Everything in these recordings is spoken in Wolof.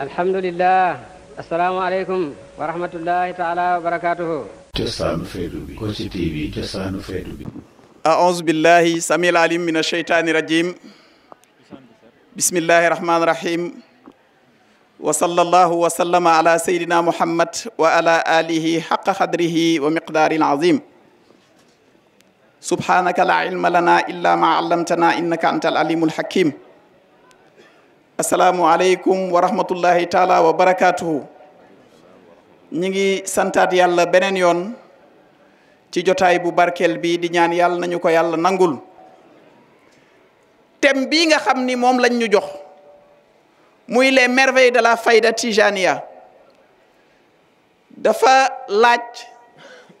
الحمد لله السلام عليكم ورحمة الله تعالى وبركاته أعوذ بالله سميع العليم من الشيطان الرجيم بسم الله الرحمن الرحيم وصلى الله وسلم على سيدنا محمد وعلى آله حق خدره ومقدار عظيم سبحانك لا علم لنا إلا ما علمتنا إنك أنت العليم الحكيم asalaamualeykum wa rahmatullahi taala wa barakaatuhu ñi ngi santaat yàlla beneen yoon ci jotaay bu barkeel bi di ñaan yàlla nañu ko yàlla nangul thème bii nga xam ni moom lañ ñu jox muy les merveilles de la fayda tijaniya dafa laaj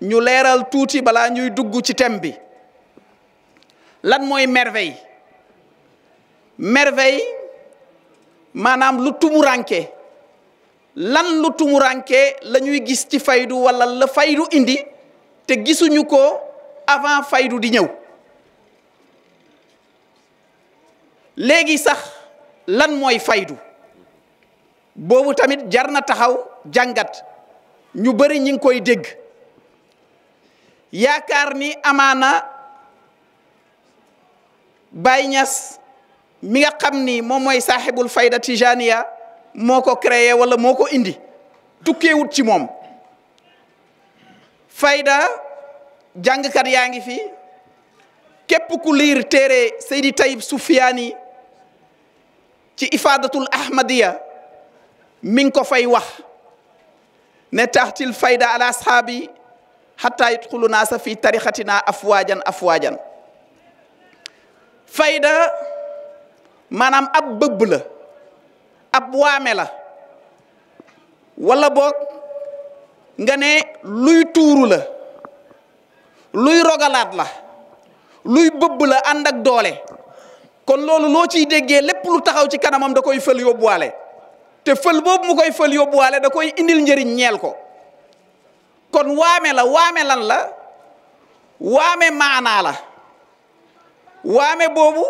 ñu leeral tuuti balaa ñuy dugg ci thème bi lan mooy merveille mervei maanaam lu tumuranke lan lu tumuranke lañuy gis ci faydu wala faydu indi te gisuñu ko avant faydu di ñëw léegi sax lan mooy faydu boobu tamit jar na taxaw jàngat ñu bëri ñi ngi koy dégg yaakaar ni amaana Baay Ñas mi nga xam ni moom mooy saaxibul fayda tijaniya moo ko créé wala moo ko indi tukkeewut ci moom fayda jàngkat yaa ngi fi képp ku lire téere Seydi Tayib soufiani ci ifadatul ahmadiya mi ngi ko fay wax ne taxtil fayda ala ashabi hatta yudxulu naasa fi tarixatina afwajan fayda maanaam ab bëbb la ab waame la wala boog nga ne luy tuuru la luy rogalaat la luy bëbb la ànd ak doole kon loolu loo ciy déggee lépp lu taxaw ci kanamam da koy fël yóbbuwaale te fël boobu mu koy fël yóbbuwaale da koy indil njëriñ ñeel ko kon waame la waame lan la waame maanaa la waame boobu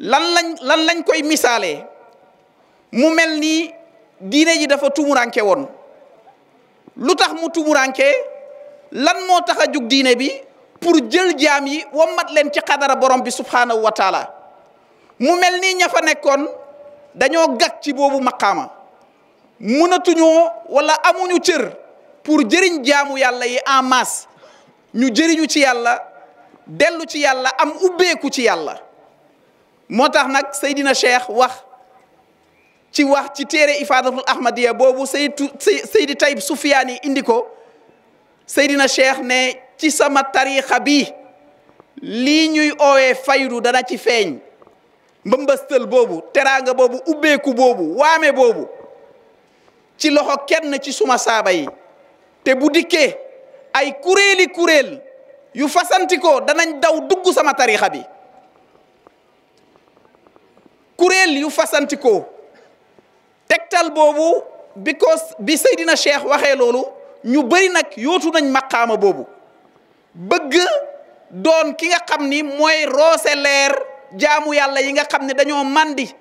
lan lañ lan lañ koy misaalee mu mel nii diine ji dafa tumuranke woon lu tax mu tumuraanke lan moo tax a jug diine bi pour jël jaam yi wammat leen ci xadara borom bi subhanahu wa taala mu mel nii ñafa nekkoon dañoo gàg ci boobu maqaama mënatuñoo walla amuñu cër pour jëriñ jaamu yàlla yi en masse ñu jëriñu ci yàlla dellu ci yàlla am ubbeeku ci yàlla moo tax nag Seydina Cheikh wax ci wax ci téere Ifaadatul Ahmadiya boobu Seydi Seydi Tayib Soufiane indi ko Seydina Cheikh ne ci sama tariixa bi lii ñuy oowee faydu dana ci feeñ mbëmbëstal boobu teraanga boobu ubbeeku boobu waame boobu ci loxo kenn ci suma saaba yi te bu dikkee ay kuréeli kuréel yu fasantikoo danañ daw dugg sama tariixa bi kuréel yu fasantikoo tegtal boobu bi ko bi Seydina Cheikh waxee loolu ñu bari nag yootu nañ maqaama boobu bëgg doon ki nga xam ni mooy roose leer jaamu yàlla yi nga xam ne dañoo màndi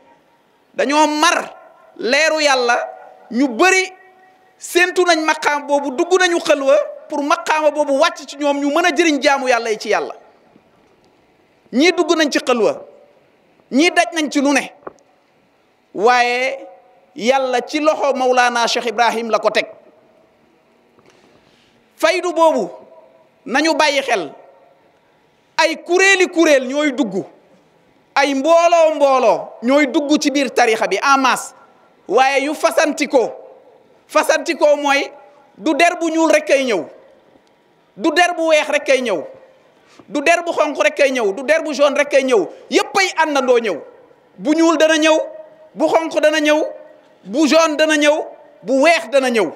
dañoo mar leeru yàlla ñu bari séentu nañ maqaama boobu dugg nañu xëlwa pour maqaama boobu wàcc ci ñoom ñu mën a jëriñ jaamu yàlla yi ci yàlla ñii dugg nañ ci xëlwa ñii daj nañ ci lu ne waaye yàlla ci loxo Maulana Cheikh Ibrahim la ko teg faydu boobu nañu bàyyi xel ay kuréeli kuréel ñooy dugg ay mbooloo mbooloo ñooy dugg ci biir tarixa bi en waaye yu fasantikoo fasantikoo mooy du der bu ñuul rek kay ñëw du der bu weex rek ay ñëw du der bu xonq rek kay ñëw du der bu jaune rek kay ñëw yépp ay àndandoo ñëw bu ñuul dana ñëw bu xonq dana ñëw bu jaune dana ñëw bu weex dana ñëw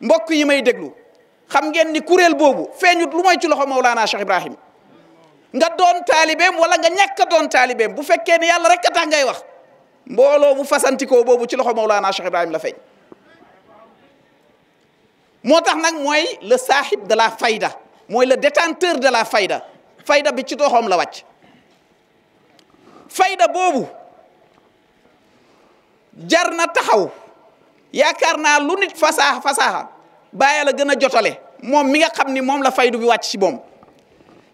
mbokk yi may déglu xam ngeen ni kuréel boobu feeñu lu mooy ci loxo Mawlana Cheikh Ibrahim nga doon taalibeem wala nga ñàkk a doon taalibeem bu fekkee ne yàlla rek a tax ngay wax mbooloo bu fasantikoo boobu ci loxo laa naa Cheikh Ibrahim la feeñ moo tax nag mooy le sahib de la fayda mooy le détenteur de la fayda fayda bi ci doxoom la wàcc fayda boobu jar na taxaw yaakaar naa lu nit fasaaxa fasaaxa bàyyi la gën a jotale moom mi nga xam ni moom la faydu bi wàcc ci moom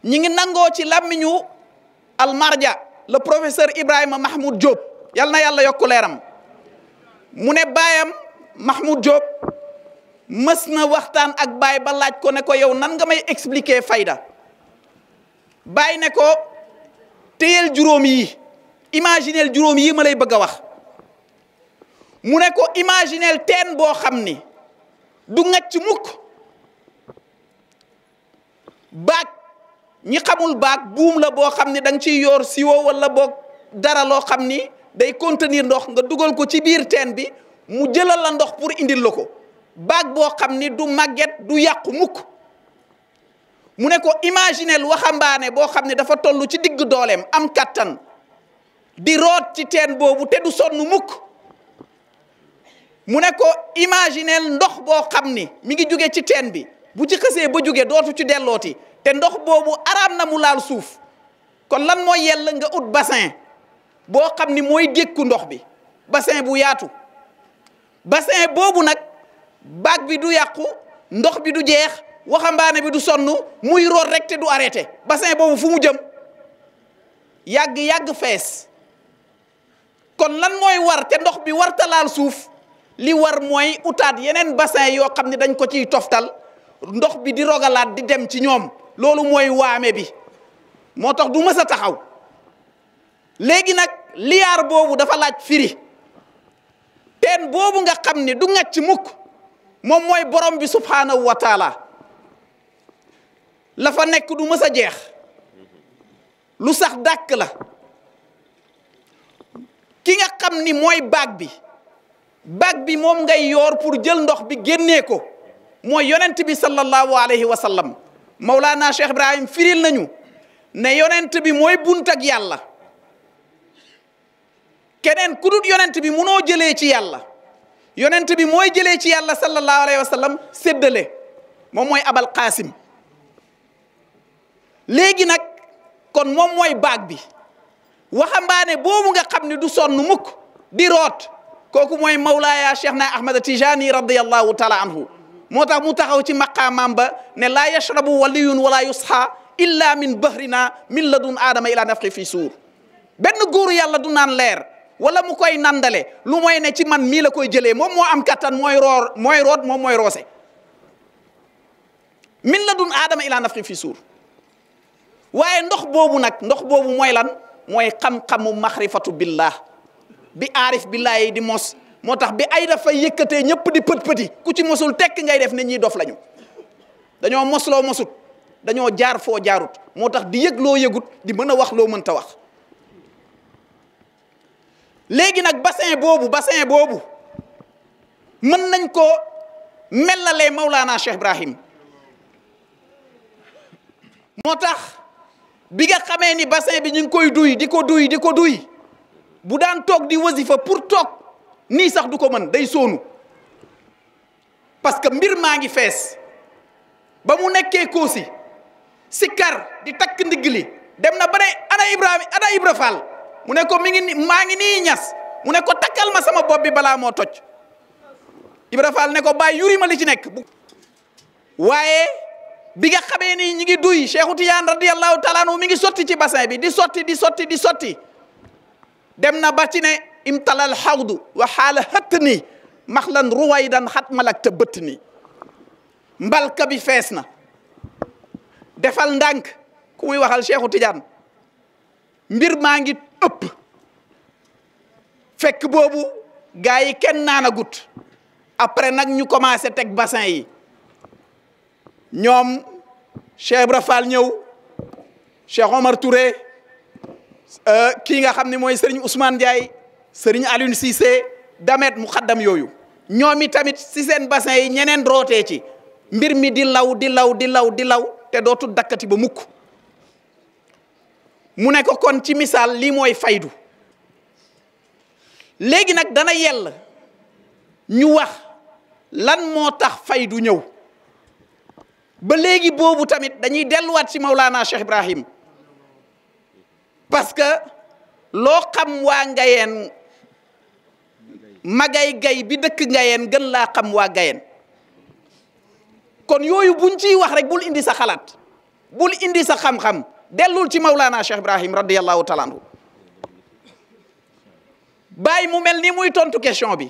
ñi ngi nangoo ci làmmiñu almarja la professeur Ibrahima Mahmoud Diop yal na yàlla yokk leeram mu ne baayam Mahmoud Diop mës na waxtaan ak baay ba laaj ko ne ko yow nan nga may explique fayda baay ne ko téyel juróom yi imagineel juróom yi ma lay bëgg a wax mu ne ko imagineel teen boo xam ni du ngacc mukk baag ñi xamul baag buum la boo xam ni da nga ciy yoor siwo walla boog dara loo xam ni day contenir ndox nga dugal ko ci biir teen bi mu jëlal la ndox pour indil la ko baag boo xam ni du màgget du yàqu mukk mu ne ko imaginel waxambaane boo xam ne dafa tollu ci digg dooleem am kattan di root ci teen boobu te du sonn mukk mu ne ko imaginel ndox boo xam ni mi ngi jóge ci teen bi bu ci xësee ba jóge dootu ci dellooti te ndox boobu araam na mu laal suuf kon lan mooy yell nga ut bassin boo xam ni mooy dékku ndox bi bassin bu yaatu bassin boobu nag baat bi du yàqu ndox bi du jeex waxambaane bi du sonn muy root rek te du arrêté bassin boobu fu mu jëm yàgg yàgg fees kon lan mooy war te ndox bi war talaal suuf li war mooy utaat yeneen bassin yoo xam ne dañ ko ciy toftal ndox bi di rogalaat di dem ci ñoom loolu mooy waame bi moo tax du mës a taxaw léegi nag liyaar boobu dafa laaj firi teen boobu nga xam ne du ngàcc mukk mom moy borom bi subhanahu wa taala la fa nek du ma sa jeex lu sax dak la ki nga xam ni mooy baag bi bag bi mom ngay yor pour jël ndox bi genné ko moy yonent bi sallallahu alayhi wa sallam Mawlana Cheikh Ibrahim firil nañu ne yonent bi moy bunt ak yàlla kenen kudut dul yonent bi munoo jele ci yàlla. يونت بي موي جيلي سي الله صلى الله عليه وسلم سدله موم موي ابو القاسم لغي نك كون موم موي باغ بي وخمباني بومغا خامني دو سون موك دي روت كوكو موي مولايا شيخنا احمد التجاني رضي الله تعالى عنه موتا مو تخاو سي مقامام با ن لا يشرب ولي ولا يصحى الا من بهرنا من لدن ادم الى نفخ في سور بن غور يالا دو نان لير wala mu koy nandale lu moy ne ci man mii la koy jëlee moom moo am kattan mooy roor mooy root moom mooy roose min la dun aadama ilaa nafxi fi suur waaye ndox boobu nag ndox boobu mooy lan mooy xam-xamu maxrifatu billah bi aarif billah yi di mos moo tax bi ay dafa yëkkatee ñëpp di pët-pëti ku ci mosul tekk ngay def ne ñii dof lañu dañoo mosloo mosut dañoo jaar foo jaarut moo tax di yëg loo yëgut di mën a wax loo mënta wax léegi nag bassin boobu bassin boobu mën nañ ko mellalee Maulana Cheikh Ibrahim moo tax bi nga xamee ni bassin bi ñu ngi koy duy di ko duy di ko duy bu daan toog di wasifa pour toog nii sax du ko mën day soonu parce que mbir maa ngi fees ba mu nekkee Koosi Sikar di takk ndigg li dem na ba ne ana Ibrahima ana Ibra Fall mu ne ko mi ngi maa ngi nii ñas mu ne ko takkal ma sama bopp bi balaa moo toj Ibra Fall ne ko bàyyi yuri ma li ci nekk waaye bi nga xamee ni ñi ngi duy Cheikhu Tijaan radiyallahu taala anhu mi ngi sotti ci bassin bi di sotti di sotti di sotti dem na ba ci ne imtalal xawdu wa xaala xëtt nii maxlan dan xat malak te bëtt nii mbalka bi fees na defal ndànk ku muy waxal Cheikhu Tijaan mbir maa ngi ëpp fekk boobu gars yi kenn naan gut après nag ñu commencé teg bassin yi ñoom Cheikh Ibra ñëw Cheikh Omar Touré euh, kii nga xam ni mooy Serigne Ousmane Ndiaye Serigne Alioune Cissé damet mu xaddam yooyu ñoom i tamit si seen bassin yi ñeneen rootee ci mbir mi di law di law di law di law te dootul dakkati ba mukk mu ne ko kon ci misaal lii mooy faydu léegi nag dana yell ñu wax lan moo tax faydu ñëw ba léegi boobu tamit dañuy delluwaat ci Maulana Cheikh Ibrahim parce que loo xam waa ngayeen magay gay bi dëkk ngayeen gën laa xam waa ngayeen kon yooyu buñ ciy wax rek bul indi sa xalaat bul indi sa xam-xam dellul ci Maulana Cheikh Ibrahim radiyallahu taala anhu bàyyi mu mel ni muy tontu question bi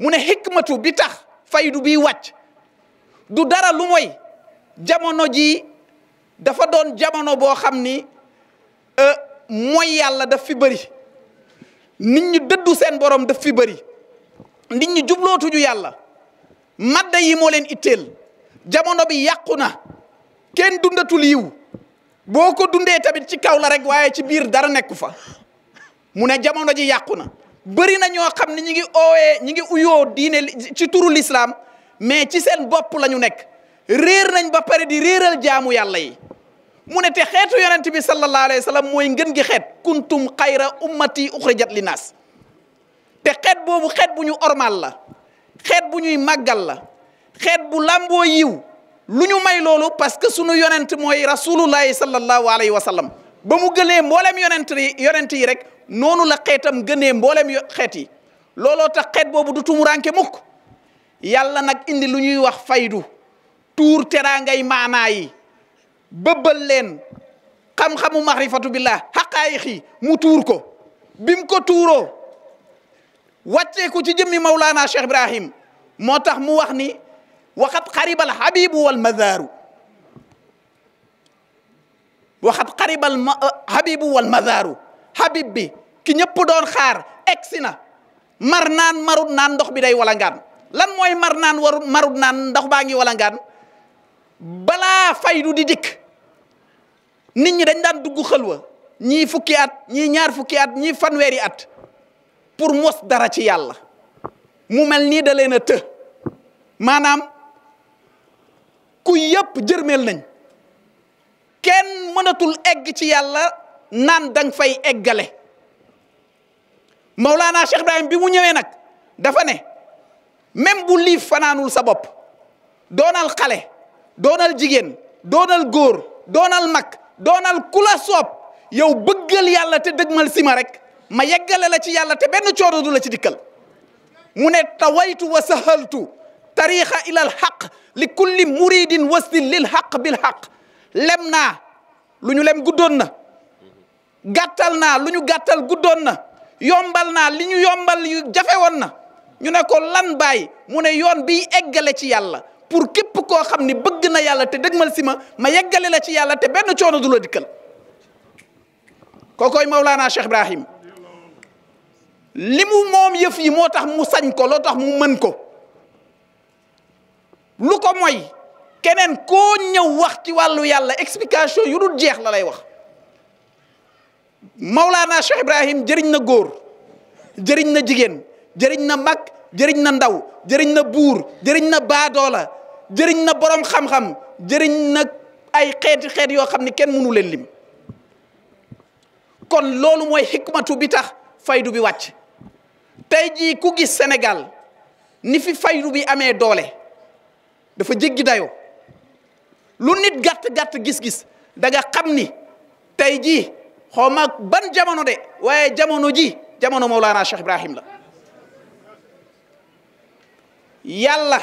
mu ne hikmatu bi tax faydu bi wàcc du dara lu moy jamono ji dafa doon jamono boo xam ni euh, mooy yàlla daf fi bëri nit ñi dëddu seen borom daf fi bëri nit ñi jublootuñu yàlla madda yi moo leen itteel jamono bi yàqu na kenn dundatul yiw boo ko dundee tamit ci kaw la rek waaye ci biir dara nekku fa mu ne jamono ji yàqu na bëri na ñoo xam ni ñi ngi oowee ñi ngi uyoo diine ci turu lislaam mais ci seen bopp la ñu nekk réer nañ ba pare di réeral jaamu yàlla yi mu ne te xeetu yonent bi sallallahu alayhi wa sallam mooy ngën gi xeet kuntum xayra ummati uxrijat li naas te xeet boobu xeet bu ñu ormal la xeet bu ñuy màggal la xeet bu làmboo yiw lu ñu may loolu parce que sunu yonent mooy rasulullahi sallallahu alayhi wa sallam ba mu gënee mboolem yonent yi yi rek noonu la xeetam gënee mboolem xeet yi looloo tax xeet boobu du tumuranke mukk yàlla nag indi lu ñuy wax faydu tuur teraangay maanaa yi bëbbal leen xam-xamu mahrifatu billah xaqaayiq yi mu tuur ko bim ko tuuroo wàccee ko ci jëmmi Mawlana Cheikh Ibrahim moo tax mu wax ni waxat xaribal habibu wal mazaaru waxat xaribal habibu wal mazaaru habib bi ki ñëpp doon xaar egsi na mar naan marut naan ndox bi day walangaan lan mooy mar naan warut marut naan ndox baa ngi walangaan balaa faydu di dikk nit ñi dañ daan dugg xalwa ñii fukki at ñii ñaar fukki at ñii fanweeri at pour mos dara ci yàlla mu mel nii da leen a maanaam ku yëpp jërmeel nañ kenn mënatul egg ci yàlla naan danga fay eggale Mawlaana Cheikh Ibrahim bi mu ñëwee nag dafa ne même bu liif fanaanul sa bopp doonal xale doonal jigéen doonal góor doonal mag doonal ku la soob yow bëggal yàlla te dëgg mal ma rek ma yeggale la ci yàlla te benn coono la ci dikkal mu ne tawaytu wa sahaltu الطريق إلى الحق لكل مريد وصل للحق بالحق لمنا naa lu ñu lem guddoon na gàttal naa lu ñu gàttal guddoon na yombal naa li ñu yombal yu jafe woon na ñu ne ko lan bàyyi pour képp koo xam ni na yàlla te dëgmal sima ma ma yeggale la ci yàlla te ben choono du la dikkal kookoy Mawlana Cheikh Ibrahim limu mom yëf yi motax mu sañ ko lo tax mu mën ko lu ko mooy keneen koo ñëw wax ci wàllu yàlla explication yu dul jeex la lay wax Maulana Cheikh Ibrahim jëriñ na góor jëriñ na jigéen jëriñ na mag jëriñ na ndaw jëriñ na buur jëriñ na baadoola jëriñ na borom xam-xam jëriñ nag ay xeeti xeet yoo xam ni kenn mënu leen lim kon loolu mooy xikmatu bi tax faydu bi wàcc tey jii ku gis Sénégal ni fi faydu bi amee doole. dafa jéggi dayoo lu nit gàtt gàtt gis-gis da nga xam ni tey jii xaw ma ban jamono de waaye jamono ji jamono Mawlana Cheikh Ibrahim la yàlla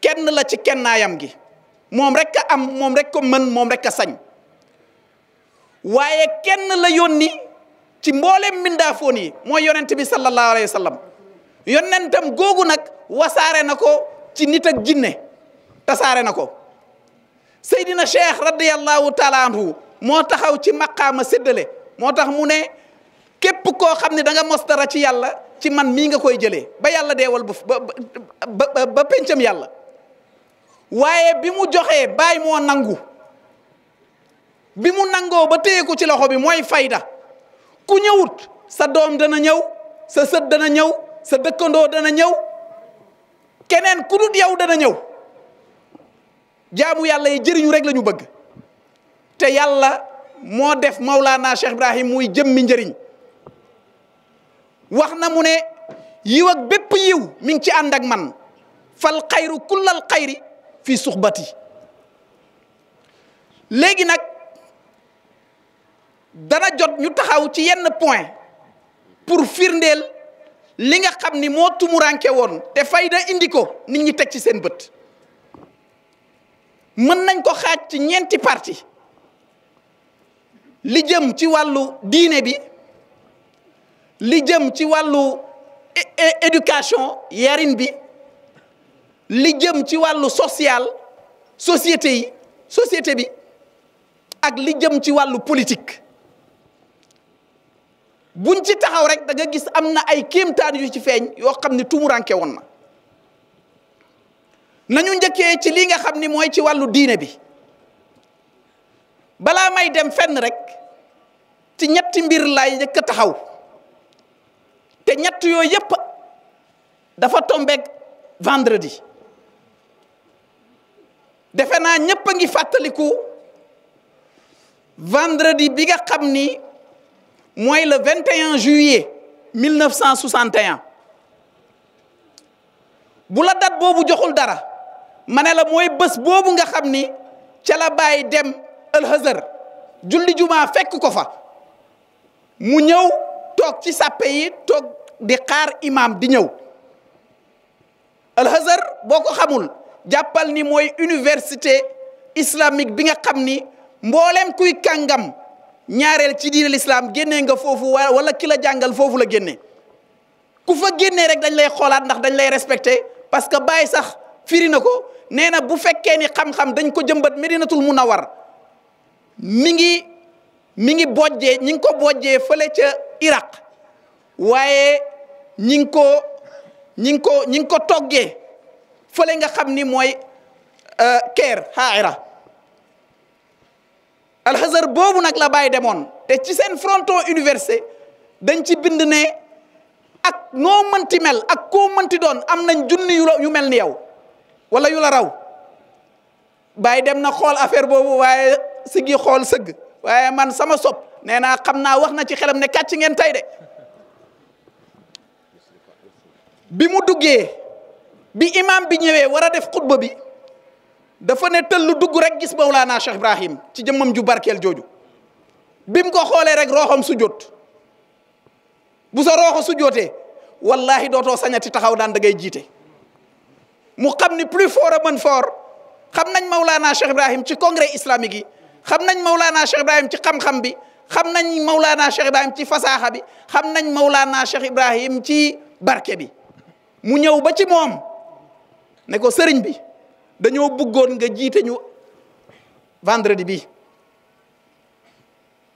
kenn la ci kennaayam gi moom rek a am moom rek moom rek a sañ waaye kenn la yónni ci mboolem mbindaafoon yi mooy yonent bi sallallahu alayhi wa yonentam googu nag wasaare na ko. ci nit ak jinne tasaare na ko Seydina Cheikh radiyallahu taala anhu moo taxaw ci maqaama seddale moo tax mu ne képp koo xam ne danga nga mos dara ci yàlla ci man mii nga koy jëlee ba yàlla deewal ba ba ba pencam yàlla waaye bi mu joxee bàyyi moo nangu bi mu nangoo ba téye ko ci loxo bi mooy fayda ku ñëwut sa doom dana ñëw sa sët dana ñëw sa dëkkandoo dana ñëw keneen ku dut yow dana ñëw jaamu yàlla yi jëriñu rek la ñu bëgg te yàlla moo def Maulana Cheikh Ibrahim muy jëmmi njëriñ wax na mu ne yiw ak bépp yiw mi ci ànd ak man fal xayru kullal xayri fii suxbati léegi nag dana jot ñu taxaw ci yenn point pour firndeel li nga xam ni moo tumuranke woon te fayda indi ko nit ñi teg ci seen bët mën nañ ko xaaj ci ñeenti parti li jëm ci wàllu diine bi li jëm ci wàllu éducation yarin bi li jëm ci wàllu social société yi société bi ak li jëm ci wàllu politique buñ ci taxaw rek da gis am na ay kéemtaan yu ci feeñ yoo xam ni tumuranke woon na nañu njëkkee ci li nga xam ni mooy ci wàllu diine bi balaa may dem fenn rek ci ñetti mbir lay njëkk taxaw te ñett yooyu yépp dafa tombeeg vendredi defe naa ñépp a ngi fàttaliku vendredi bi nga xam ni moy le 21 juillet 1961 bu la date bobu joxul dara ma ne la mooy nga xamni ni la baye dem Alxazar julli jumaa fekk ko fa mu ñew tok ci sàppe yi tok di xaar imam di ñew al boo boko xamul jappal ni moy université islamique bi nga xamni mbollem kuy kangam ñaareel ci diine lislaam génnee nga foofu wala ki la jàngal foofu la génne ku fa génnee rek dañ lay xoolaat ndax dañ lay respecté parce que bàyyi sax firi na ko nee na bu fekkee ni xam-xam dañ ko jëmbat mun a war mi ngi mi ngi bojjee ñi ngi ko bojjee fële ca Iraq waaye ñi ngi ko ñi ngi ko ñi ngi ko toggee fële nga xam ni mooy euh, Caire Haïra alxasar boobu nag la bàyyi demoon te ci seen fronton université dañ ci bind ne ak noo mënti mel ak koo mënti doon am nañ junni yu mel ni yow wala yu la raw baay dem na xool affaire boobu waaye sigi xool sëgg waaye man sama sob nee naa xam naa wax na ci xelam ne kàcc ngeen tay de bi mu duggee bi imam bi ñëwee war a def xutba bi dafa ne tëll dugg rek gis Mawlana Cheikh Ibrahim ci jëmmam ju barkeel jooju bi mu ko xoolee rek rooxam su jot bu sa rooxo su jotee wallahi dootoo sañati taxaw daan da ngay jiite mu xam ni plus fort a mën fort xam nañ Mawlana Cheikh Ibrahim ci congrès islamique yi xam nañ Mawlana Cheikh Ibrahim ci xam-xam bi xam nañ Mawlana Cheikh Ibrahim ci fasaaxa bi xam nañ Mawlana Cheikh Ibrahim ci barke bi mu ñëw ba ci moom ne ko sëriñ bi. dañoo bëggoon nga jiite ñu vendredi bi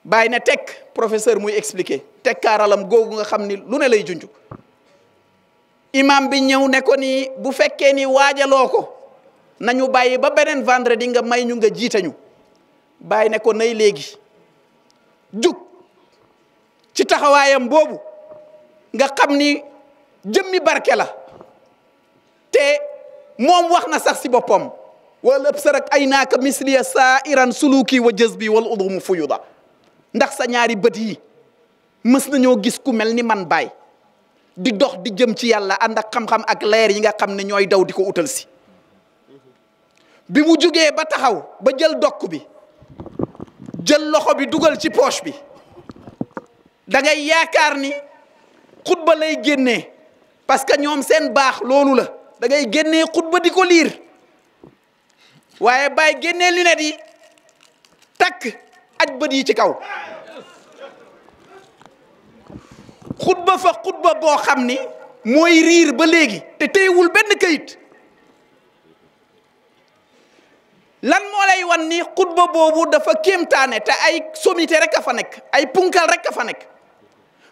bàyyi na tekk professeur muy expliquer tekkaaralam googu nga xam ni lu ne lay junj imam bi ñëw ne nii bu fekkee ni waajaloo ko nañu bàyyi ba beneen vendredi nga may ñu nga jiite ñu bàyyi ne nay léegi jug ci taxawaayam boobu nga xam ni jëmmi barke la te moom wax na sax si boppam wala sa rek ay naaka misliya saa iran suluki wa jës bi wala udumu ndax sa ñaari beut yi mës nañoo gis ku melni man bay di dox di jëm ci yàlla ànd ak xam-xam ak leer yi nga xam ne ñooy daw diko ko utal si bi mu jugee ba taxaw ba jël dokku bi jël loxo bi duggal ci poche bi da ngay yaakar ni khutba lay génné parce que ñom seen bax lolu la da ngay génnee xutba di ko liir waaye bàyyi génnee lunette yi takk aj bët yi ci kaw xutba fa xutba boo xam ni mooy riir ba léegi te téyewul benn kayit lan moo lay wan ni xutba boobu dafa kéemtaane te ay sommité rek a fa nekk ay punkal rek a fa nekk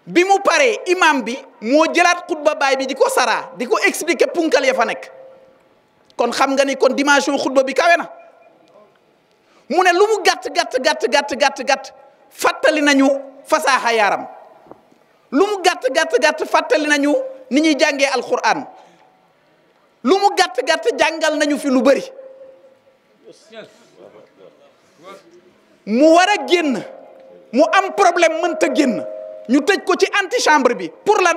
bi mu paree imam bi moo jëlaat xutba baay bi di ko saraa di ko expliquer punkal ya fa nekk kon xam nga ni kon dimension xutba bi kawe na mu ne lu mu gàtt gàtt gàtt gàtt gàtt fàttali nañu fasaaxa yaaram lu mu gàtt gàtt gàtt fàttali nañu ni ñuy jàngee alquran lu mu gàtt jàngal nañu fi lu bëri mu war a génn mu am problème mënta génn ñu tëj ko ci antichambre bi pour lan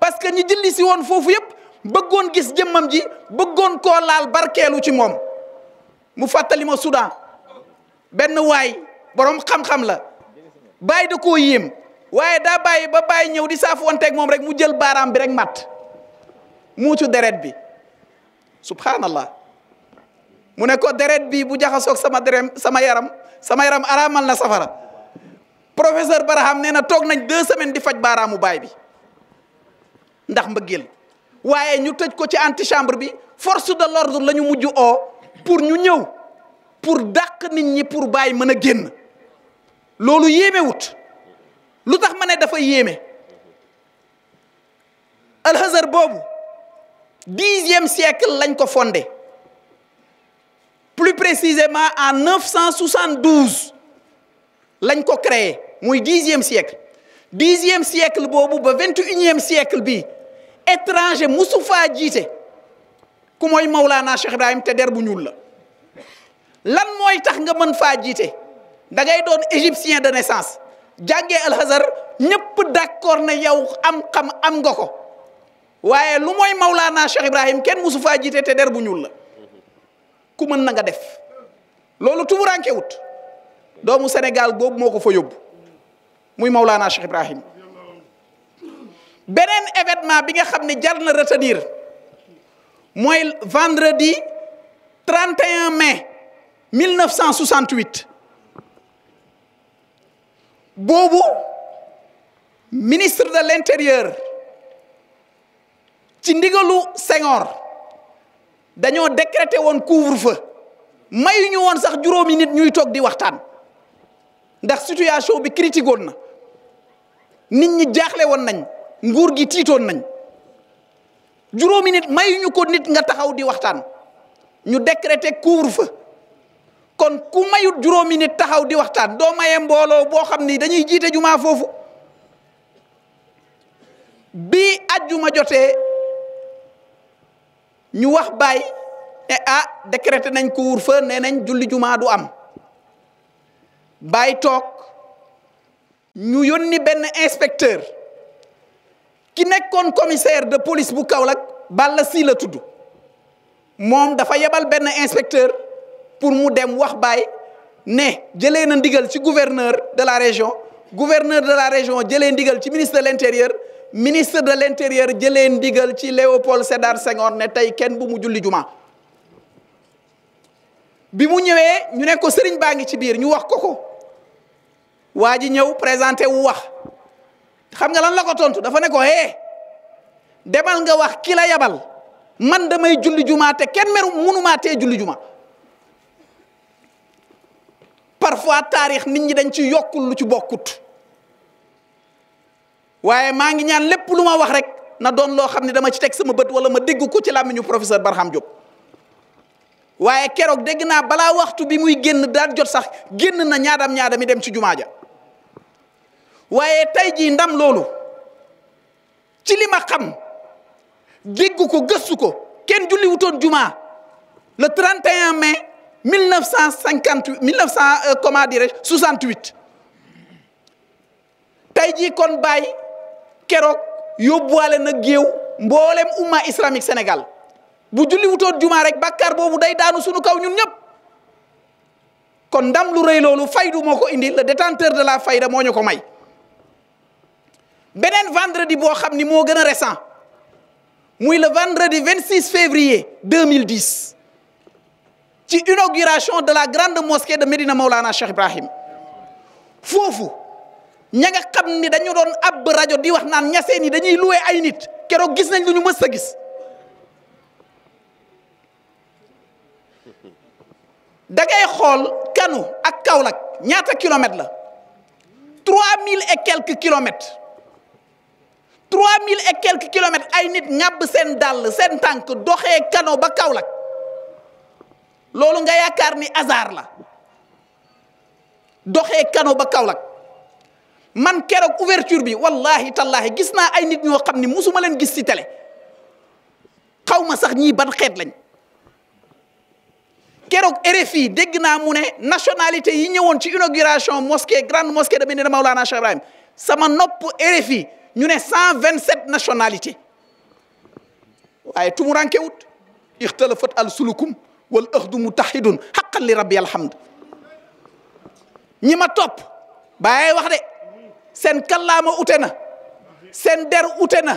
parce que ñi jëlli si woon foofu yëpp bëggoon gis jëmmam ji bëggoon koo laal barkeelu ci moom mu fàttali ma Soudan benn waay borom xam-xam la bàyyi da ko yéem waaye daa bàyyi ba bàyyi ñëw di saafu wanteeg moom rek mu jël baaraam bi rek matt muucu deret bi subhanallah mu ne ko deret bi bu jaxasoog sama derem sama yaram sama yaram araamal na safara professeur Baraham néna tok deux semaines di faj baramu bay bi ndax waye ñu tejj ko ci bi force de l'ordre lañu muju pour pour ñu ñew pour dak nit ñi pour bay mëna a lolu loolu wut lutax mané fait siècle lañ fondé plus précisément en 972 lañ créé 10 dixième siècle dixième siècle bobo, ba et unième siècle bi étranger Moussoufa faa jiite Maulana, mooy Cheikh Ibrahim te der la lan moy tax nga mën fa djité da ngay don égyptien de naissance jàngee alxazar ñepp d'accord ne yow am xam am nga ko Maulana, lu moy maulana Cheikh Ibrahim ken moussoufa djité té der bu la ku mën nga def doomu Sénégal boobu moko fa muy Maulana Cheikh Ibrahim benen événement bi nga xam ne jar na retenir moy vendredi 31 mai 1968 bobu ministre de l'intérieur ci ndigalu Senghor dañoo décrété won couvre-feu ñu won sax juroomi nit ñuy tok di waxtaan. ndax situation bi critique woon na nit ñi jaaxle woon nañ nguur gi tiitoon nañ juróomi nit mayuñu ko nit nga taxaw di waxtaan ñu décréter couvre-feu kon ku mayut juróomi nit taxaw di waxtaan doo maye mbooloo boo xam ni dañuy jiite jumaa foofu bi ajjuma jotee ñu wax baay ne ah décréter nañ couvre-feu nee nañ julli jumaa du am bàyyi toog ñu yónni benn inspecteur ki nekkoon commissaire de police bu kaw Balla Sy la tudd moom dafa yebal benn inspecteur pour mu dem wax baay ne jëlee na ndigal ci gouverneur de la région gouverneur de la région jëlee ndigal ci ministre de l'intérieur ministre de l'intérieur jëlee ndigal ci Léopold Sédar Senghor ne tey kenn bu mu julli juma bi mu ñëwee ñu ne ko sëriñ baa ngi ci biir ñu wax ko ko waji ñew présenté wu wax xam nga lan la ko tontu dafa ne ko hé demal nga wax ki la yabal man damay julli juma te kenn meru munumaa tee julli juma parfois tarikh nit ñi dañ ci yokul lu ci bokut waye ma ngi ñaan lepp lu ma wax rek na doon lo xamni dama ci tek sama bët wala ma dégg ko ci lamiñu professeur Barham Diop waye kérok dégg na bala waxtu bi muy génn daal jot sax génn na ñaadam ñaadam dem ci jumaaja waaye tey jii ndam loolu ci li ma xam dégg ko gëstu ko kenn julli wutoon jumaa le 31 mai 1958 1900 euh, comment dirais-je 68 tey jii kon Baye keroog yóbbuwaale na géew mboolem umma islamique Sénégal bu julli wutoon jumaa rek bàkkaar boobu day daanu suñu kaw ñun ñëpp kon ndam lu rëy loolu faydu moo ko indi le détenteur de la fayda moo ñu ko may Un vendredi bo récent le vendredi 26 février 2010 ci inauguration de la grande mosquée de Médina Maulana Cheikh Ibrahim fofu ña nga dañu don ab radio di wax naan ñaseeni dañuy loué ay nit keroog gis nañ lu ñu 3000 et quelques kilomètres trois mille et quelques kilomètres ay nit ñàbb sen dal sen tank doxé kano ba Kaolack lolu nga yakar ni hasard la doxé kano ba Kaolack man kérok ouverture bi wallahi tallahi gisna ay nit ñoo xamni musuma len gis ci télé xawma sax ñi ban xeet lañ kérok RFI dégg na mu né nationalité yi ñëwoon ci inauguration mosquée grande mosquée de Benin, Maulana Cheikh Ibrahim sama nopp RFI ñu ne 127 nationalité waaye tumuranke wut ikhtalafat al sulukum wal axdu mutahidun haqqan li rabbi alhamd ñi ma topp bàyyi wax de sen kallaama utena sen der utena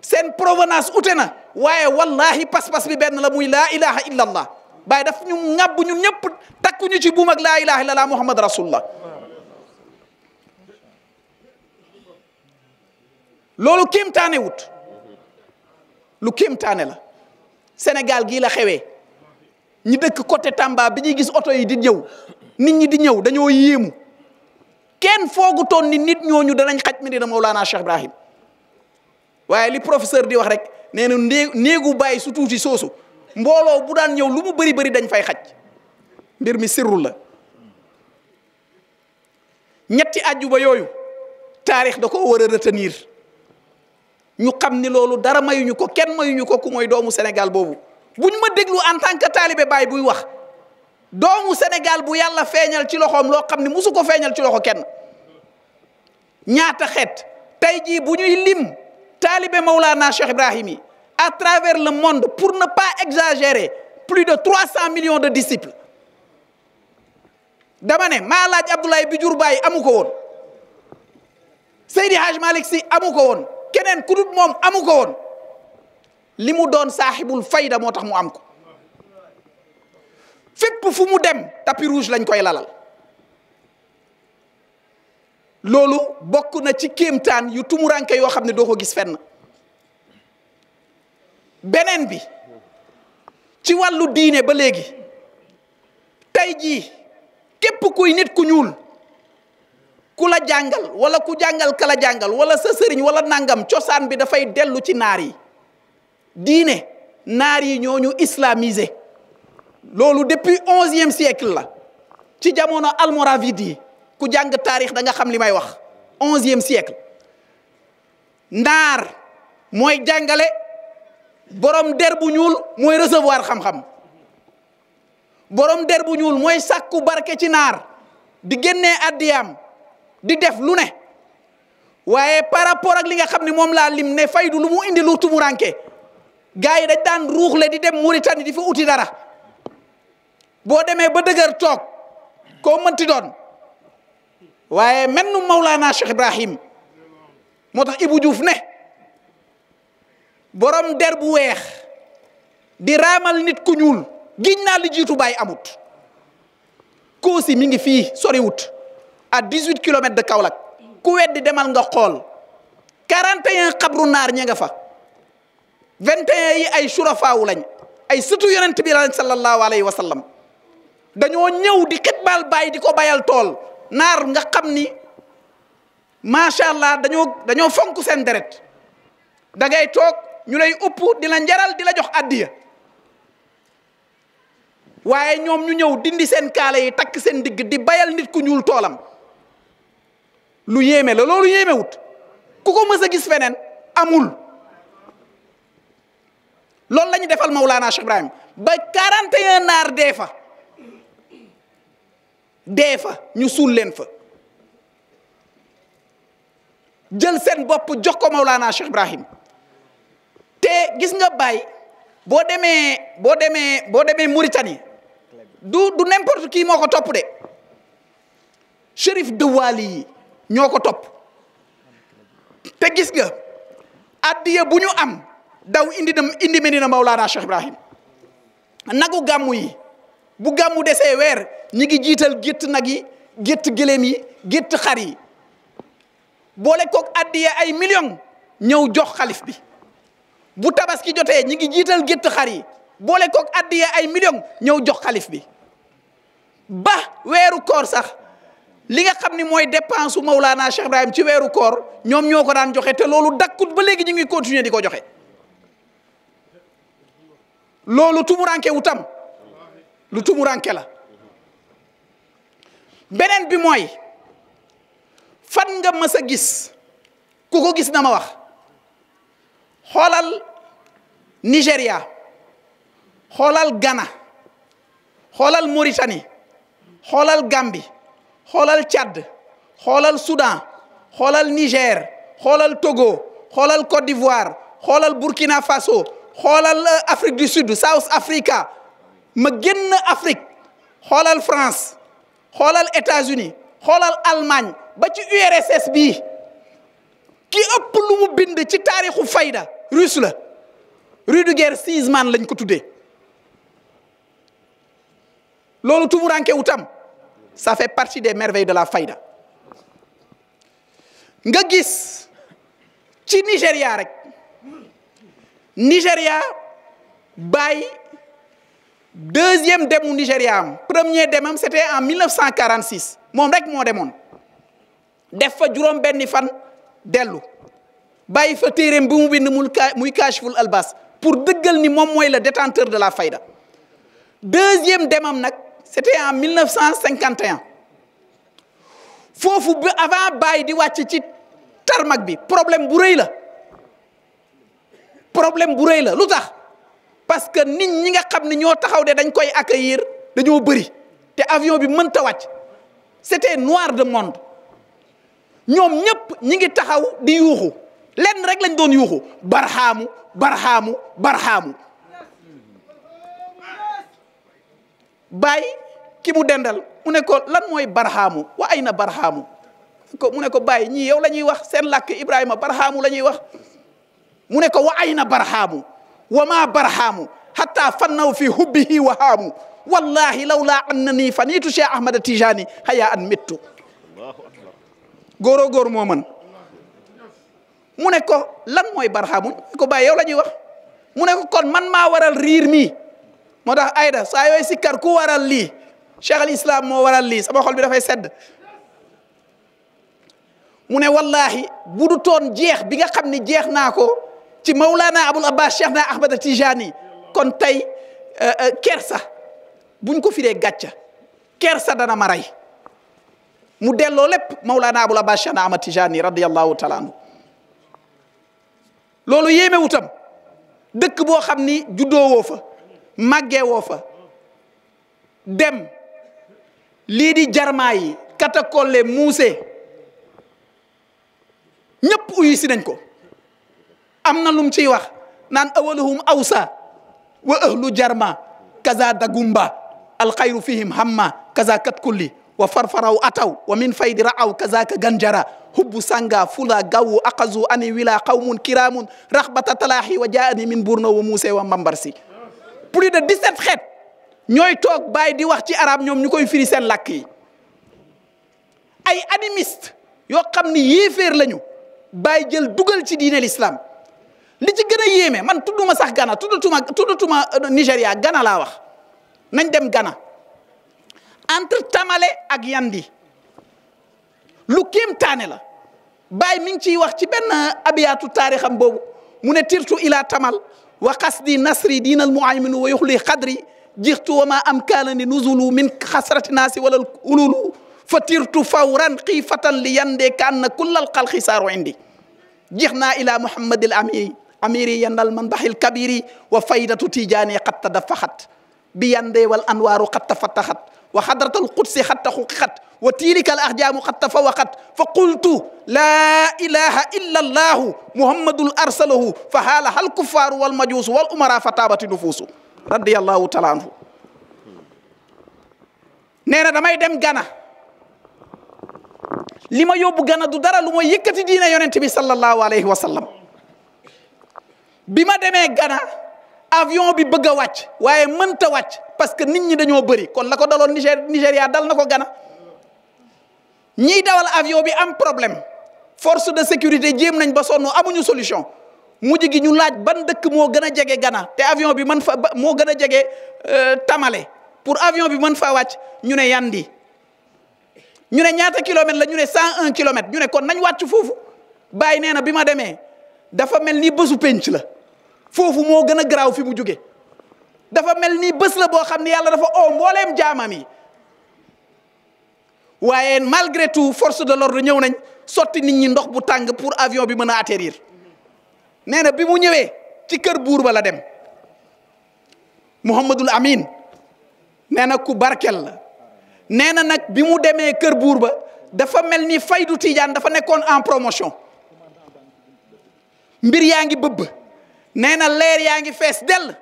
sen provenance utena waye wallahi pass pass bi ben la muy la ilaha illa allah baye daf ñu ngab ñun ñep takku ñu ci buum ak la ilaha illa allah muhammad rasulullah loolu kéemtaane wut lu kéemtaane la Sénégal gii la xewee ñi dëkk côté Tamba bi ñuy gis oto yi di ñëw nit ñi di ñëw dañoo yéemu kenn foogutoon ni nit ñooñu danañ xaj na laa Mawlana Cheikh Ibrahim waaye li professeur di wax rek nee na néegu bàyyi su tuuti soosu mbooloo bu daan ñëw lu mu bari bari dañ fay xaj mbir mi sirru la ñetti àjjuba yooyu taarix da ko war a retenir ñu xam ni loolu dara mayuñu ko kenn mayuñu ko ku mooy doomu Sénégal boobu bu ñu ma déglu en tant que taalibe baay buy wax doomu Sénégal bu yàlla feeñal ci loxoom loo xam ni musu ko feeñal ci loxo kenn ñaata xeet tey jii bu ñuy lim taalibe naa Cheikh Ibrahim yi à travers le monde pour ne pas exagérer plus de trois cent millions de disciples dama ne maa laaj Abdoulaye bi jur bàyyi amu ko woon Seydi Haj Malick Sy amu ko woon keneen ku moom amu ko woon li mu doon saaxibul fayda moo tax mu am ko fépp fu mu dem tapis rouge lañ koy lalal loolu bokk na ci kéemtaan yu tumuraanke yoo xam ne doo ko gis fenn beneen bi ci wàllu diine ba léegi tey jii képp kuy nit ku ñuul ku la jàngal wala ku jàngal ka la jàngal wala sa sëriñ wala nangam cosaan bi dafay dellu ci naar yi diine naar yi ñooñu islamisé loolu depuis onzième siècle la ci jamono almoravide yi ku jàng taarix danga xam li may wax onzième siècle naar mooy jàngale borom der bu ñuul mooy recevoir xam-xam borom der bu ñuul mooy sàkku barke ci naar di génnee addiyaam di def lu ne waaye par rapport ak li nga xam ne moom laa lim ne faydu lu mu indi lu tumuranke gars yi dañ daan ruuxle di dem Mauritanie di fa uti dara boo demee ba dëgër toog koo mënti doon waaye mel nu Maulana Cheikh Ibrahim moo tax Ibou Diouf ne borom der bu weex di raamal nit ku ñuul giñ naa li jiitu baay amut koosi mi ngi fii soriwut à 18 km de Kaolack ku weddi demal nga 41 xabru naar fa 21 yi ay surafaawu lañ ay sëtu yonent bi lañ sallallahu alayhi wa sallam dañoo ñëw di ketbal bay di ko bayal tol. Nar nga xam ni macha allah dañoo dañoo fonku sen deret da ngay toog ñu lay upp di la di la jox addiya Waye ñoom ñu ñëw dindi seen kaala yi tak sen digg di bayal nit ku ñuul tolam. lu yéeme la loolu yéemewut ku ko mës a gis feneen amul loolu la ñu defal Mawlana Cheikh Ibrahim ba 41 naar dee fa dee fa ñu suul leen fa jël seen bopp jox ko Mawlana Cheikh Ibrahim te gis nga baay boo demee boo demee boo demee Mauritanie du du n'importe qui moo ko topp de Chérif Douali yi ñoo ko topp te gis nga addiya bu ñu am daw indi na indi Medina Maulana Cheikh Ibrahim nagu gàmmu yi bu gàmmu desee weer ñi ngi jiital gétt nag yi gétt gëléem yi gétt xar yi boole koog addiya ay million ñëw jox xalif bi bu tabaski jotee ñi ngi jiital gétt xar yi boole koog addiya ay million ñëw jox xalif bi ba weeru koor sax li nga xam ni mooy dépense su Maulana Cheikh Ibrahim ci weeru koor ñoom ñoo ko daan joxe te loolu dakkut ba léegi ñu ngi continuer di ko joxe loolu tumuranke wutam lu tumuranke la beneen bi mooy fan nga mës gis ku ko gis na ma wax xoolal Nigéria xoolal gana xoolal Mauritanie xoolal Gambie. xolal Tchad xolal Soudan xolal Niger xolal Togo xolal Côte d'Ivoire xolal Burkina Faso xolal euh, Afrique du Sud South Africa ma génn Afrique xolal France xolal États-Unis xolal Allemagne ba ci URSS bi ki ëpp lu mu bind ci taarixu fayda russe la Rudiger Sisman lañ ko tuddee loolu tumuranke wutam ça fait partie des merveilles de la faïda. nga gis ci Nigeria, rek Nigeria, bay, deuxième démon Nigéria am premier demam c'était en 1946 Mon rek mon démon. def fa juróom benni fan delu. Bay fa un boum, mu bind mul muy albas pour dëggal ni mom moy le détenteur de la faïda. deuxième démon nak, c'était en mille cent 1951 foofu bi avant Baye di wàcc ci tarmac bi problème bu rëy la problème bu rëy la lu tax parce que nit ñi nga xam ni ñoo taxaw de dañ koy accueillir dañoo bari te avion bi mënta wàcc c'était noir de monde ñoom ñëpp ñi ngi taxaw di yuuxu lenn rek lañ doon yuuxu barxaamu barxaamu barxaamu ki mu dendal mu ne ko lan moy barhamu wa ayna barhamu ko mu ne ko bàyyi ñi yow lañuy wax sen lak ibrahima barhamu lañuy wax mu ne ko wa ayna barhamu. wa ma barhamu hatta fannu fi hubbihi wa hamu wallahi lawla annani fanitu shay ahmad tijani haya an mittu goro gor mo man mu ne ko lan moy barhamu ko bàyyi yow lañuy wax mu ne ko kon man ma waral rir mi motax ayda sa yoy sikkar ku waral li شيخ الاسلام مو ورا لي سما خول بي دا فاي سد مون والله بودو تون جيخ بيغا خامني جيخ ناكو تي مولانا ابو العباس شيخنا احمد التيجاني كون تاي كيرسا بون كو فيري غاتيا كيرسا دانا ماراي مو ديلو لب مولانا ابو العباس شيخنا احمد التيجاني رضي الله تعالى عنه لولو ييمي ووتام دك بو خامني جودو وو فا ماغي وو فا دم lii di jarmaa yi katakolle muuse ñépp uyu si ko am na lum ciy wax naan awaluhum awsa wa ahlu jarma kaza dagumba alxayru fihim hamma kaza katkulli wa farfaraw ataw wa min faydi ra'aw kaza ka ganjara hubbu sanga fula gawu aqazu ani wila qawmun kiramun raxbata talaahi wa jaani min burno wa muuse wa mbambarsi plus de 17 xeet ñoy tok bay di wax ci arab ñom ñukoy firi sen lak yi ay animiste yo xamni yéfer lañu bay jël duggal ci diine l'islam li ci gëna yéme man tudduma sax gana tuddatuma tuddatuma Nigéria gana la wax nañ dem gana entre tamale ak yandi lu kim tane la bay mi ngi ci wax ci ben abiyatu taarixam bobu mu ne tirtu ila tamal wa qasdi nasri diinal muaymin wa yuxli xadri جئت وما أمكانني نزل من خسرة الناس ولا الألول فترت فورا قيفة ليندي كأن كل القلق صار عندي جئنا إلى محمد الأمير أميري يند المنبح الكبير وفيدة تيجاني قد تدفخت بيندي والأنوار قد تفتحت وحضرة القدس قد تحققت وتلك الأحجام قد تفوقت فقلت لا إله إلا الله محمد أرسله فهالها الكفار والمجوس والأمراء فتابت نفوسه radiyallahu taala anhu nee na damay dem Gana li ma yóbbu Gana du dara lu ma yëkkati diina yonent bi sallallahu alayhi wa sallam bi ma demee Gana avion bi bëgg a wàcc waaye mënta wàcc parce que nit ñi dañoo bëri kon la ko daloon Niger Nigéria dal na ko Gana ñiy dawal avion bi am problème force de sécurité jéem nañ ba sonn amuñu solution mu gi ñu laaj ban dëkk moo gën a jege Gana te avion bi man faa moo gën a jege euh, Tamale pour avion bi mën faa wàcc ñu ne Yandi ñu ne ñaata kilomètres la ñu ne 101 kilomètres ñu ne kon nañ wàcc foofu bàyyi nee na bi ma demee dafa mel ni bésu penc la foofu moo gën a garaaw fi mu jóge dafa mel ni bés la boo xam ne yàlla dafa oo mbooleem jaamam yi waaye malgré tout force de l'ordre ñëw nañ sotti nit ñi ndox bu tàng pour avion bi mën a atterrir. nee na bi mu ñëwee ci kër buur ba la dem Muhammadul Amin nee na ku barkel la nee na nag bi mu demee kër buur ba dafa mel ni Faydu dafa nekkoon en promotion mbir yaa ngi bëbb nee na leer yaa ngi fees dell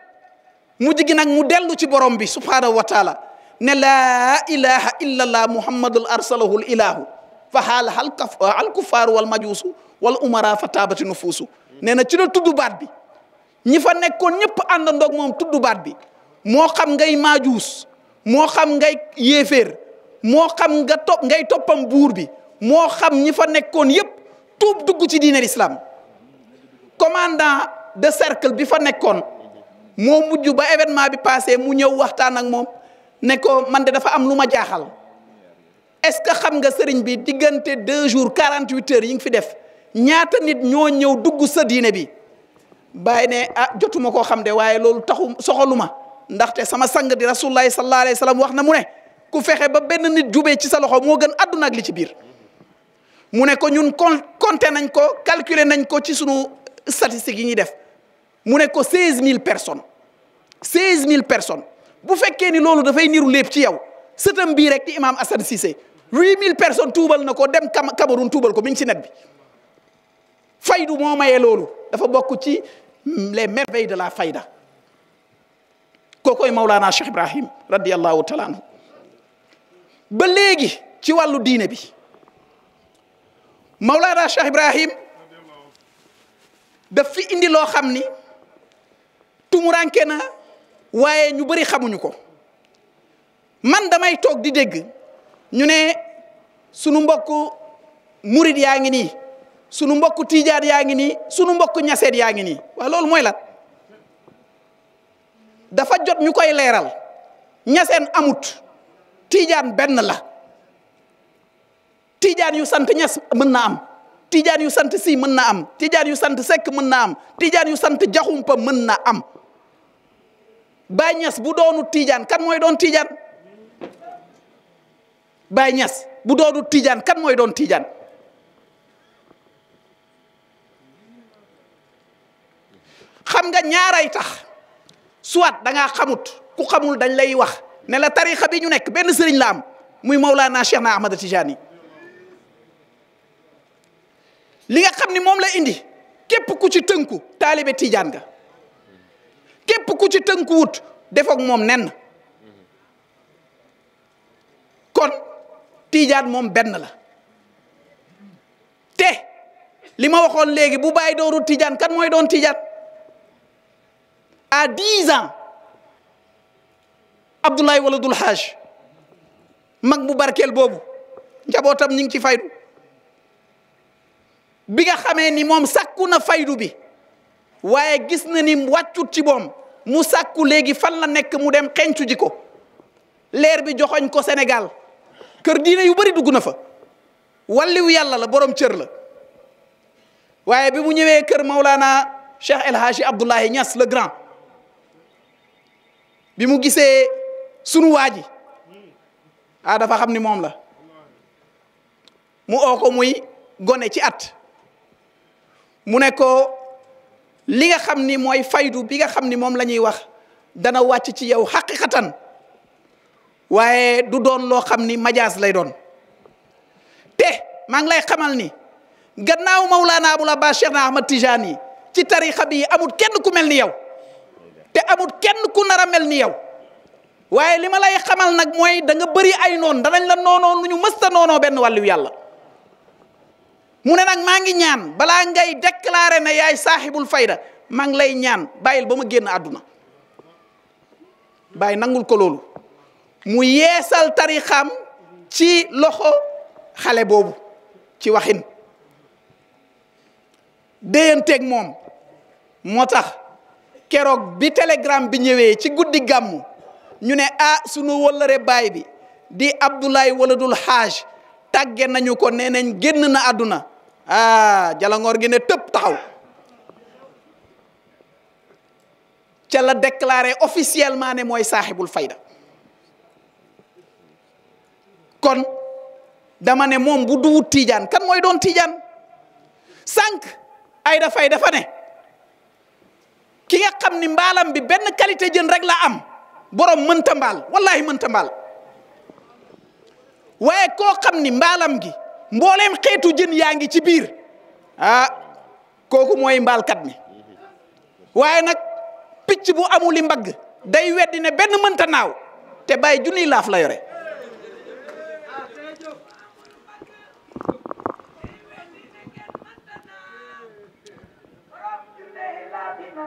mujj gi mu dellu ci borom bi subhaanahu wa taala ne laa ilaha illa allah muhammadul arsalahu l ilahu fa xaal al kufar wal majuusu wal umara fa taabati nufuusu nee na ci la tudd baat bi ñi fa nekkoon ñëpp àndandoog moom tudd baat bi moo xam ngay maajuus moo xam ngay yéeféer moo xam nga topp ngay toppam buur bi moo xam ñi fa nekkoon yëpp tuub dugg ci diine l'islam commandant de cercle bi fa nekkoon moo mujj ba événement bi passé mu ñëw waxtaan ak moom ne ko man de dafa am lu ma jaaxal est-ce que xam nga sëriñ bi diggante deux jours quarante-huit heures yi nga fi def ñaata nit ñoo ñëw dugg sa diine bi baay ne ah jotuma koo xam de waaye loolu taxu soxaluma ndaxte sama sang di rasulullahi sallallahu alayhi wa sallam wax na mu ne ku fexe ba benn nit jubee ci sa loxo moo gën àdduna ak li ci biir mu ne ko ñun con compté nañ ko calculer nañ ko ci sunu statistiques yi ñuy def mu ne ko seize mille personne seize mille personne bu fekkee ni loolu dafay niru lépp ci yow sëtam bii rek di imam Assane Cissé huit mille personne tuubal na ko dem Cameroun tuubal ko mi ngi ci net bi faydu moo mayee loolu dafa bokk ci les merveilles de la fayda kokoy Maulana Cheikh Ibrahim radiyallahu taala ba léegi ci walu diine bi Maulana Cheikh Ibrahim da fi indi lo xamni ni tumuranke na waaye ñu bari xamuñu ko man damay tok di dégg ñu sunumbaku sunu mbokk nii sunu mbokku tiijaan yaa ngi nii sunu mbokku ñaseet yaa ngi nii waaw loolu mooy lan dafa jot ñu koy leeral ñaseen amut tiijaan benn la tiijaan yu sant ñas mën na am tiijaan yu sant si mën na am tiijaan yu sant sekk mën na am tiijaan yu sant jaxumpa mën na am baay ñas bu doonu tiijaan kan mooy doon tiijaan baay ñas bu doonu tiijaan kan mooy doon tiijaan xam nga ñaaray tax soit da ngaa xamut ku xamul dañ lay wax ne la tarixa bi ñu nekk benn sëriñ la am muy Mawlana Cheikh na Ahmada Tijani li nga xam ni moom la indi képp ku ci tënku taalibe Tijaan nga képp ku ci tënkuwut wut defoog moom nen kon Tijaan moom benn la te li ma waxoon léegi bu bàyyi dooru Tijaan kan mooy doon Tijaan. à 10 ans Abdoulaye wala dul xaaj mag mu barkeel boobu njabootam ñu ngi ci faydu bi nga xamee ni moom sakku na faydu bi waaye gis na ni wàccut ci moom mu sakku léegi fan la nekk mu dem xencu ji ko leer bi joxoñ ko Sénégal kër diine yu bari dugg na fa walliw yàlla la boroom cër la waaye bi mu ñëwee kër Maulana Cheikh El Hadji Abdoulaye ñas le grand bi mu gisee sunu waa ji ah xam ni moom la mu oo muy gone ci at mu ne ko li nga xam ni mooy faydu bi nga xam ni moom la ñuy wax dana wàcc ci yow xaqiqatan waaye du doon loo xam ni majaas lay doon te maa ngi lay xamal ni gannaaw Mawlaana Abul Abbaas Cheikh na Ahmad Tijaani yi ci tarixa bi amul kenn ku mel ni yow te amul kenn ku nar a mel ni yow waaye li ma lay xamal nag mooy danga bari bëri ay noon danañ la noonoo lu ñu mësta noonoo benn wàllu yàlla mu ne nag maa ngi ñaan balaa ngay déclarer na yaay saaxibul fayda maa ngi lay ñaan bàyyil ba ma génn àdduna bàyyi nangul ko loolu mu yeesal xam ci loxo xale boobu ci waxin déyanteeg moom moo tax keroog bi télégramme bi ñëwee ci guddi gàmmu ñu ne ah sunu wëllëre baay bi di Abdoulaye dul Haaj tàgge nañu ko nee nañ génn na àdduna ah jalangoor gi ne tëpp taxaw ca la déclaré officiellement ne mooy saaxibul fayda kon dama ne moom bu duwut tiijaan kan mooy doon tiijaan sànq ay dafay dafa ne xam ni mbaalam bi benn qualité jën rek la am borom mënta mbaal wallahi mënta mbaal waaye koo xam ni mbaalam gi mbooleem xeetu jën yaa ngi ci biir ah kooku mooy mbaalkat mi waaye nag picc bu amul li mbagg day weddi ne benn mënta naaw te bàyyi junniy laaf la yore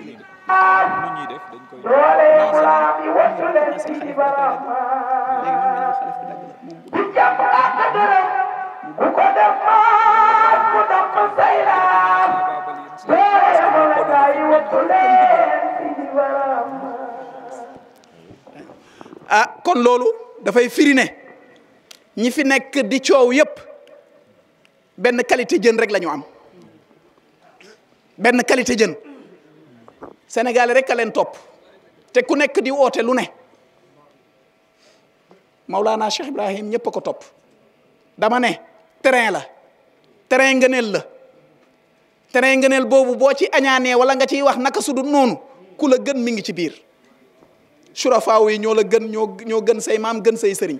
calculé de ah kon loolu dafay firi ne ñi fi nekk di coow yépp benn qualité jën rek lañu am benn qualité jën Sénégal rek a leen topp te ku nekk di woote lu ne Maulana Cheikh Ibrahim ñëpp a ko topp dama ne terrain la terrain ngëneel la terrain ngëneel boobu boo ci añaanee wala nga ciy wax naka su dul noonu ku la gën mi ngi ci biir surafaaw yi ñoo la gën ñoo gën say maam gën say sëriñ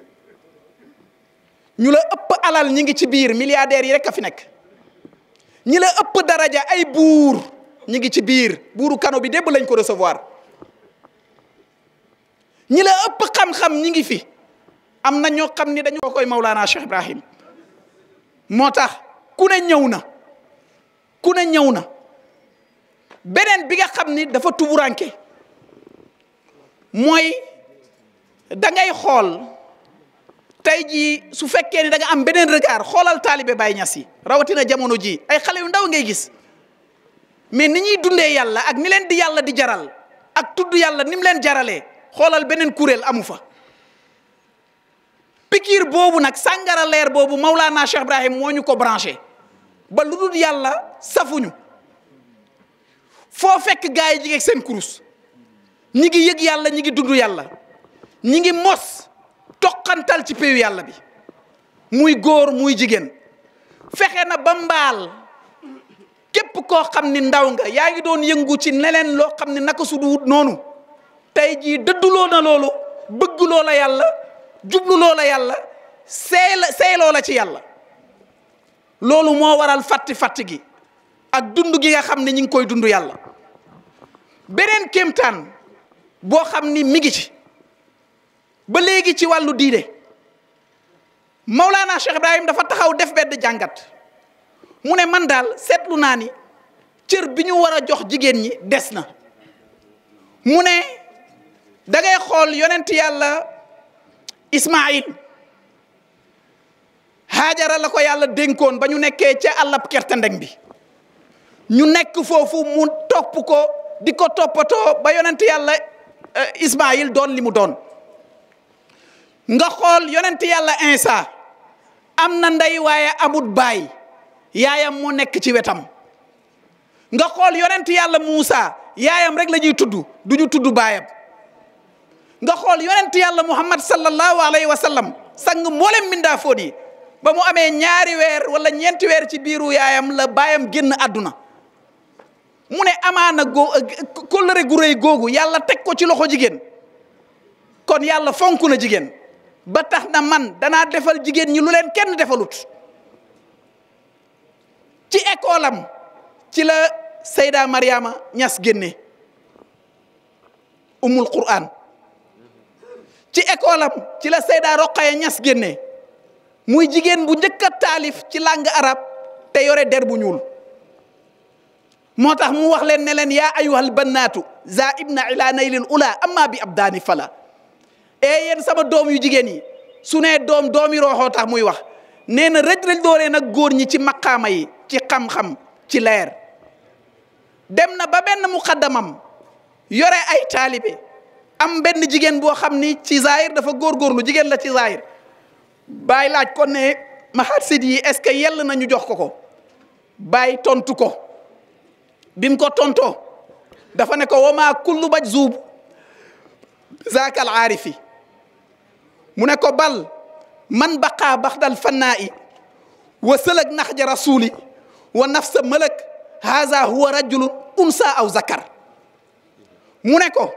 ñu la ëpp alal ñi ngi ci biir milliardaires yi rek a fi nekk ñi la ëpp daraja ay buur. ñi ngi ci biir buuru kano bi débb lañ ko recevoir ñi la ëpp xam-xam ñi ngi fi am na ñoo xam ni dañu ko koy Mawlana Cheikh Ibrahim moo tax ku ne ñëw na ku ne ñëw na beneen bi nga xam ni dafa tuburanke mooy da ngay xool tey jii su fekkee ni da am beneen regard xoolal taalibe Baye Niass yi rawatina jamono ji ay xale yu ndaw ngay gis mais ni ñuy dundee yàlla ak ni leen di yàlla di jaral ak tudd yàlla ni mu leen jaralee xoolal beneen kuréel amu fa pikiir boobu nag sàngara leer boobu Maulana Cheikh Ibrahim moo ñu ko branché ba lu dul yàlla safuñu foo fekk gars yi jigéeg seen kurus ñi ngi yëg yàlla ñi ngi dund yàlla ñi ngi mos toqantal ci péew yàlla bi muy góor muy jigéen fexe na ba mbaal képp koo xam ni ndaw nga yaa ngi doon yëngu ci neleen loo xam ni naka su du noonu tey jii dëdduloo na loolu bëgg loo la yàlla jubluloo loo la yàlla seey seeyloo la ci yàlla loolu moo waral fàtti fàtti gi ak dund gi nga xam ni ñu ngi koy dund yàlla beneen kéemtaan boo xam ni mi ngi ci ba léegi ci wàllu diine Maulana Cheikh Ibrahim dafa taxaw def benn jàngat mu ne man daal seetlu naa ni cër bi ñu war a jox jigéen ñi des na mu ne dangay ngay xool yonent yàlla Ismaïl Haajara la ko yàlla dénkoon ba ñu nekkee ca àllab kertandeng bi ñu nekk foofu mu topp ko di ko toppatoo ba yonent yàlla euh, Ismaïl doon limu doon nga xool yonent yàlla Insa am na ndey waaye amut baay yaayam moo nekk ci wetam nga xool yonent yàlla Muusa yaayam rek la ñuy tudd du ñu tudd baayam nga xool yonent yàlla Muhammad sallallahu alayhi wa sallam sang mboolem mindaa foon yi ba mu amee ñaari weer wala ñeenti weer ci biiru yaayam la baayam génn àdduna mu ne amaana goo kóllëre gu rëy googu yàlla teg ko ci loxo jigéen kon yàlla fonk na jigéen ba tax na man danaa defal jigéen ñi lu leen kenn defalut ci école am ci la sayda mariama ñas gini umul quran ci école am ci la sayda roqaya ñas genné muy jigen bu njëkk ci langue arab te yoré der bu ñuul motax mu wax len ne len ya ayyuhal bannatu zaibna ila nailil ula amma bi abdani fala e eh, yen sama dom yu jigen yi suné dom domi roxo tax muy wax nee na rëj rëj dooree nag góor ñi ci maqaama yi ci xam-xam ci leer dem na ba benn muqaddamam yore ay taalibe am benn jigéen boo xam ni ci zaahir dafa góorgóorlu jigéen la ci zaahir bàyyi laaj ko ne mahasid yi est-ce que yell nañu jox ko ko bàyyi tontu ko bim ko tontoo dafa ne ko wama kullu baj zuub zaakal aarifi mu ne ko bal من بقى بعد الفناء وسلك نهج رسولي ونفس ملك هذا هو رجل انثى او ذكر مونيكو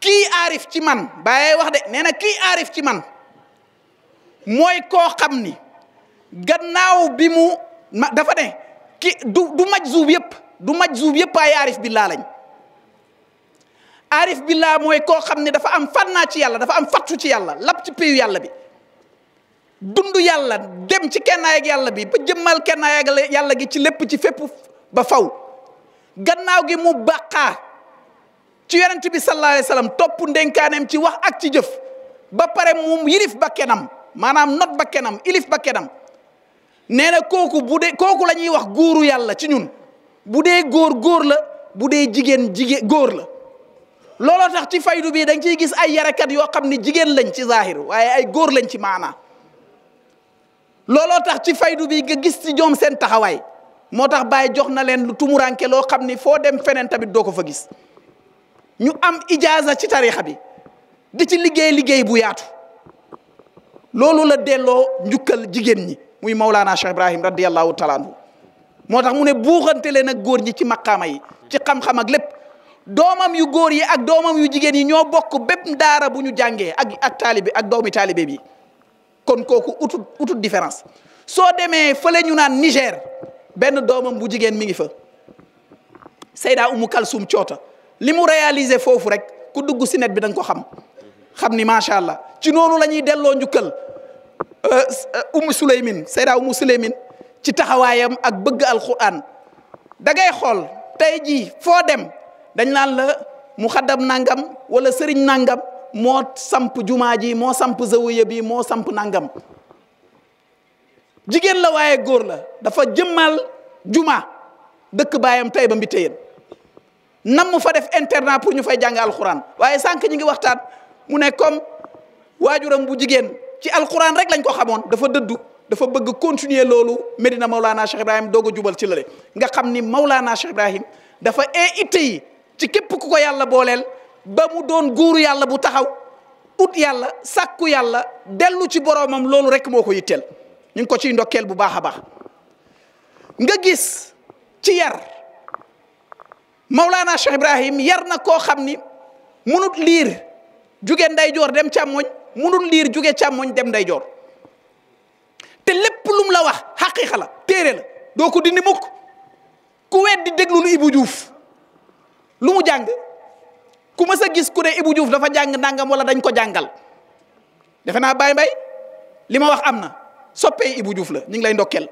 كي عارف تي باي واحد نينا كي عارف تي مان موي كو خامني غناو بيمو دافا كي دو دو ماجزوب ييب دو ماجزوب ييب باي عارف بالله لاج عارف بالله موي كو خامني دافا ام فنا تي يالا ام فاتو تي يالا بيو يالا بي dund yàlla dem ci kennaay ak yàlla bi ba jëmmal kennaay ak yàlla gi ci lépp ci fépp ba faw gannaaw gi mu bàqaa ci yonent bi sallallahu alayhi topp ndénkaaneem ci wax ak ci jëf ba pare mu yilif bakkenam maanaam not bakkenam ilif nee na kooku kooku la ñuy wax góoru yàlla ci ñun bu dee góor góor la bu dee jigéen jigéen góor la looloo tax ci faydu bi da nga gis ay yarakat yoo xam ni jigéen lañ ci zahir waaye ay góor lañ ci maanaa looloo tax ci faydu bi nga gis ci ñoom seen taxawaay moo tax Baye jox na leen lu tumuranke loo xam ni foo dem feneen tamit doo ko fa gis ñu am ijaaza ci tarixa bi di ci liggéey liggéey bu yaatu loolu la delloo njukkal jigéen ñi muy Maulana Cheikh Ibrahim radiyallahu taala anhu moo tax mu ne buuxante leen ak góor ñi ci maqaama yi ci xam-xam ak lépp doomam yu góor yi ak doomam yu jigéen yi ñoo bokk bépp daara bu ñu jàngee ak ak taalibe ak doomi taalibe bi kon koku outout outout différence so demee feulé ñu nan Niger ben domam bu jigen mi ngi fa Seyda Umu Kalsum ciota limu réaliser fofu rek ku dugg si net bi dang ko xam xamni ni ci nonu lañuy ñuy delloo euh Umu Suleymin Seyda Umu Suleymin ci taxawayam ak bëgg alquran da ngay xool tey jii dem dañ nan la mu nangam wala sëriñ nangam. moo samp jumaa ji moo samp zawiya bi moo samp nangam jigéen la waaye góor la dafa jëmmal jumaa dëkk baayam tey ba mbi téyeen nam mu fa def internat pour ñu fay jàng alxuraan waaye sànq ñi ngi waxtaan mu ne comme waajuram bu jigéen ci alxuraan rek lañ ko xamoon dafa dëddu dafa bëgg continuer loolu Medina Maulana Cheikh Ibrahim doog a jubal ci lële nga xam ni Maulana Cheikh Ibrahim dafa invité yi ci képp ku ko yàlla booleel ba mu doon góoru yàlla bu taxaw ut yàlla sàkku yàlla dellu ci boroomam loolu rek moo ko yitteel ñu ngi ko ci ndokkeel bu baax a baax nga gis ci yar Maulana Cheikh Ibrahim yar na koo xam ni munut liir juge ndeyjoor dem càmmoñ munut liir juge càmmoñ dem ndeyjoor te lépp lum la wax xaqiiqa la téere la doo ko dindi mukk ku weddi déglu lu Ibou Diouf lu mu jàng. ku ma sa gis ku ne Ibou Diouf dafa jàng nangam wala dañ ko jàngal defe naa Baye Mbaye li ma wax am na soppee Ibou Diouf la ñu lay ndokkel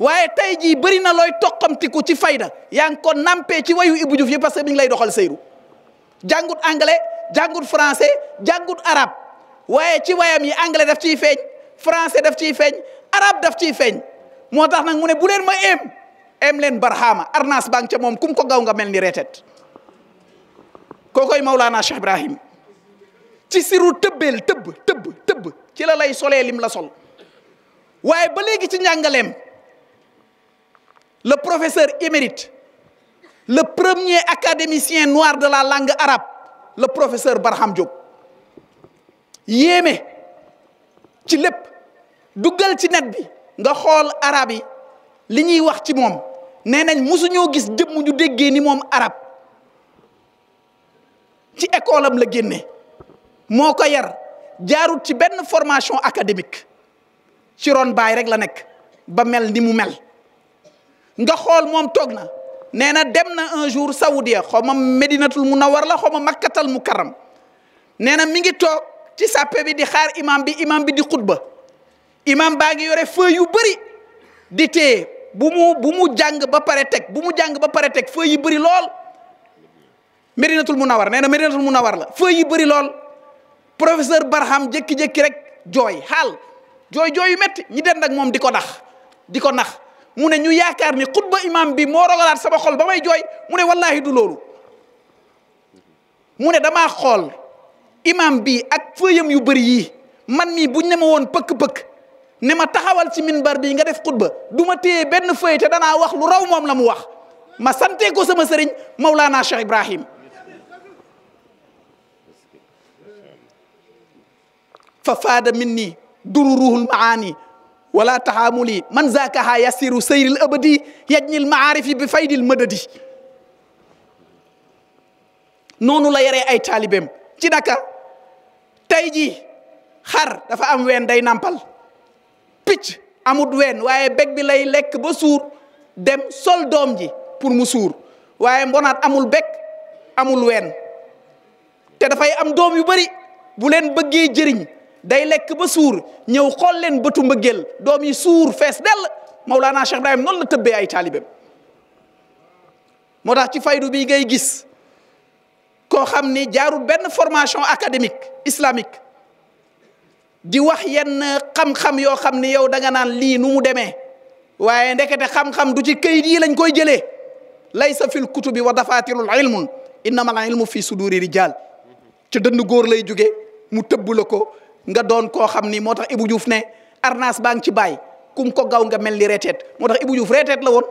waaye tey jii bëri na looy toqamtiku ci fayda yaa ngi ko nampee ci wayu Ibou Diouf yi parce que mi lay doxal seyru jàngut anglais jàngut français jàngut arab waaye ci wayam yi anglais daf ciy feeñ français daf ciy feeñ arab daf ciy feeñ moo tax nag mu ne bu leen ma éem éem leen barxaama arnas baa ngi ca moom kum ko gaw nga mel ni reetet kookoy Maulana Cheikh Ibrahim ci siru tëbbeel tëbb tëbb tëbb ci la lay solee lim la sol waaye ba léegi ci njàngaleem le professeur émérite le premier académicien noir de la langue arabe la professeur Barham Diop yéeme ci lépp duggal ci net bi nga xool arab yi li ñuy wax ci moom nee nañ mosuñoo gis jëmm ñu déggee ni moom arab ci école am la génne moo ko yar jaarut ci benn formation académique ci ron baay rek la nekk ba mel ni mu mel nga xool moom toog na nee na dem na un jour saoudia xaw ma na war la xaw ma makkatal mu karam nee na mi ngi toog ci sàppe bi di xaar imam bi imam bi di xutba imam baa ngi yore feuille yu bëri di téye bu mu bu mu jàng ba pare teg bu mu jàng ba pare teg feuille yu bari lool Medinatul Munawar nee na Medinatul Munawar la feuilles yi bëri lool professeur Barham jékki-jékki rek jooy xaal jooy jooy yu métti ñi dend ak moom di ko nax di ko nax mu ne ñu yaakaar ni xutba imam bi moo rogalaat sama xol ba may jooy mu ne wallaahi du loolu mu ne damaa xool imam bi ak fëyam yu bëri yii man mii buñ ne woon pëkk-pëkk ne ma taxawal ci bar bi nga def xutba du ma téye benn fëy te danaa wax lu raw moom la mu wax ma santee ko sama sëriñ Maulana Cheikh Ibrahim ففاد مني دروره المعاني ولا تحاملي من ذاكها يسير سير الأبدي يجني المعارف بفيد المددي noonu la yaree ay taalibeem ci Dakar tey jii xar dafa am ween day nàmpal picc amut ween waaye bég bi lay lekk ba suur dem sol doom ji pour mu suur waaye mbonaat amul bég amul ween te dafay am doom yu bari bu leen bëggee jëriñ day lekk ba suur ñëw xool leen bëtu mbëggeel doom yi suur fees dell Mawlana Cheikh Ibrahim noonu la tëbbee ay taalibeem moo tax ci faydu bi ngay gis koo xam ni jaaru benn formation académique islamique di wax yenn xam-xam yoo xam ni yow danga naan lii nu mu demee waaye ndekete xam-xam du ci kayit yii lañ koy jëlee laysa fil kutubi wa dafatirul ilmun innama al ilmu fi suduri rijal ci dënd góor lay jóge mu tëbb la ko nga doon koo xam ni moo tax ibu Diouf ne arnas baa ngi ci baay kum ko gaw nga mel ni reeteet moo tax Ibou Diouf reeteet la woon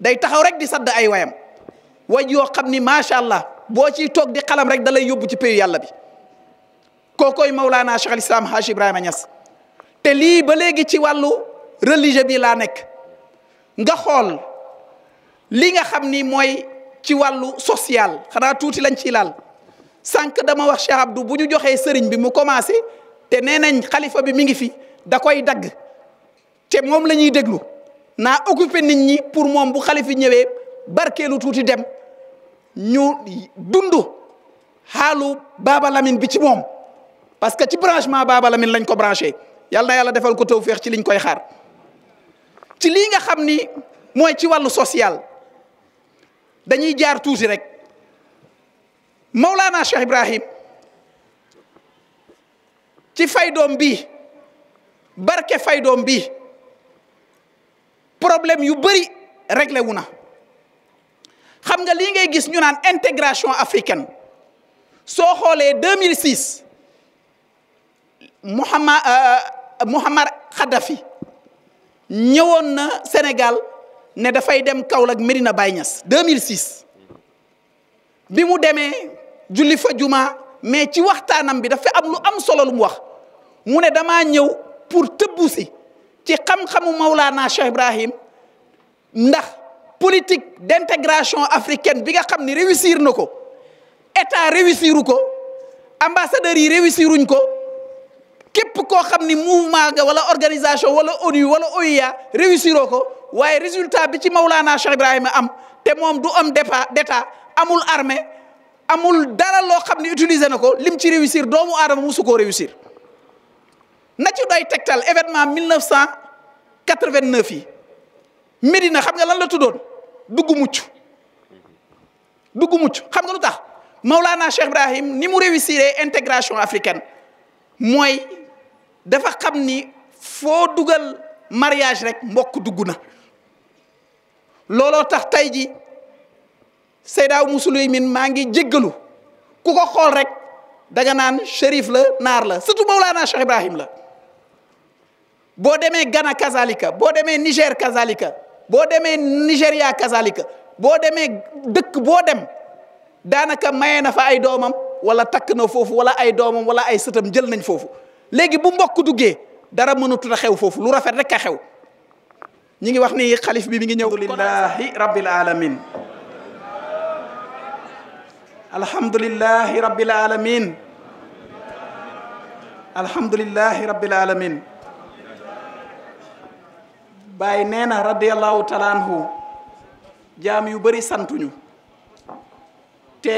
day taxaw rek di sadd ay wayam way yoo xam ni macha allah boo ciy toog di xalam rek da lay yóbbu ci péyu yàlla bi kookoy Mawlana Cheikh al Islam Haji Ibrahima Niass te lii ba léegi ci wàllu religieux bi laa nekk nga xool li nga xam ni mooy ci wàllu social xanaa tuuti lañ ciy laal sànq dama wax Cheikh Abdou bu ñu joxee sëriñ bi mu commencé. te nee nañ xalifa bi mi ngi fi da koy dagg te moom la ñuy déglu naa occupé nit ñi pour moom bu xalifi ñëwee barkeelu tuuti dem ñu dund xaalu Baba Lamine bi ci moom parce que ci branchement Baba Lamine lañ ko branché yàlla na yàlla defal ko tawféex ci liñ koy xaar ci lii nga xam ni mooy ci wàllu social dañuy jaar tuuti rek Maulana Cheikh Ibrahim. ci faydoom bi barke faydoom bi problème yu bari réglé wuna xam nga li ngay gis ñu naan intégration africaine so xolé 2006 Muhammad euh, Mouhamad Khadafi ñewon na Sénégal da fay dem Kaolack Medina Baye 2006 bi mu démé julli fa juma mais ci waxtanam bi dafa am lu am solo lu mu wax mune dama damaa pour tebusi ci xam-xamu Maulana Cheikh Ibrahim ndax politique d'intégration africaine bi nga xam ni réussir nako état réussiru ko ambassadeur yi réussiruñ ko képp koo xam ni mouvement nga wala organisation wala ONU wala OIA réussiroo ko waaye résultat bi ci Maulana Cheikh Ibrahima am te moom du am départ d'état amul armée amul dara loo xam ni utiliser na ko lim ci réussir doomu aadama musu koo réussir. na day doy tegtal événement 1989 yi Médina xam nga lan la tuddoon dugg mucc duggu mucc xam nga lu tax Maulana Cheikh Ibrahim ni mu réussir intégration africaine mooy dafa xam ni foo dugal mariage rek mbokk dugg na looloo tax tey ji Seyda Umu miin maa ngi jéggalu ku ko xool rek danga naan shérif la naar la surtout Maulana Cheikh Ibrahim la boo demee Ghana kazalika boo demee Niger kazalika boo demee Nigéria kazalika boo demee dëkk boo dem daanaka maye na fa ay doomam wala takk na foofu wala ay doomam wala ay sëtam jël nañ foofu léegi bu mbokk duggee dara mënatu na xew foofu lu rafet rek a xew ñi ngi wax ni xalif bi mi ngi ñëw lillahi rabbil alamin alhamdulillahi rabbil alamin alhamdulillahi rabbil alamin bàyyi nee na radiallahu taala anhu jaam yu bari santuñu te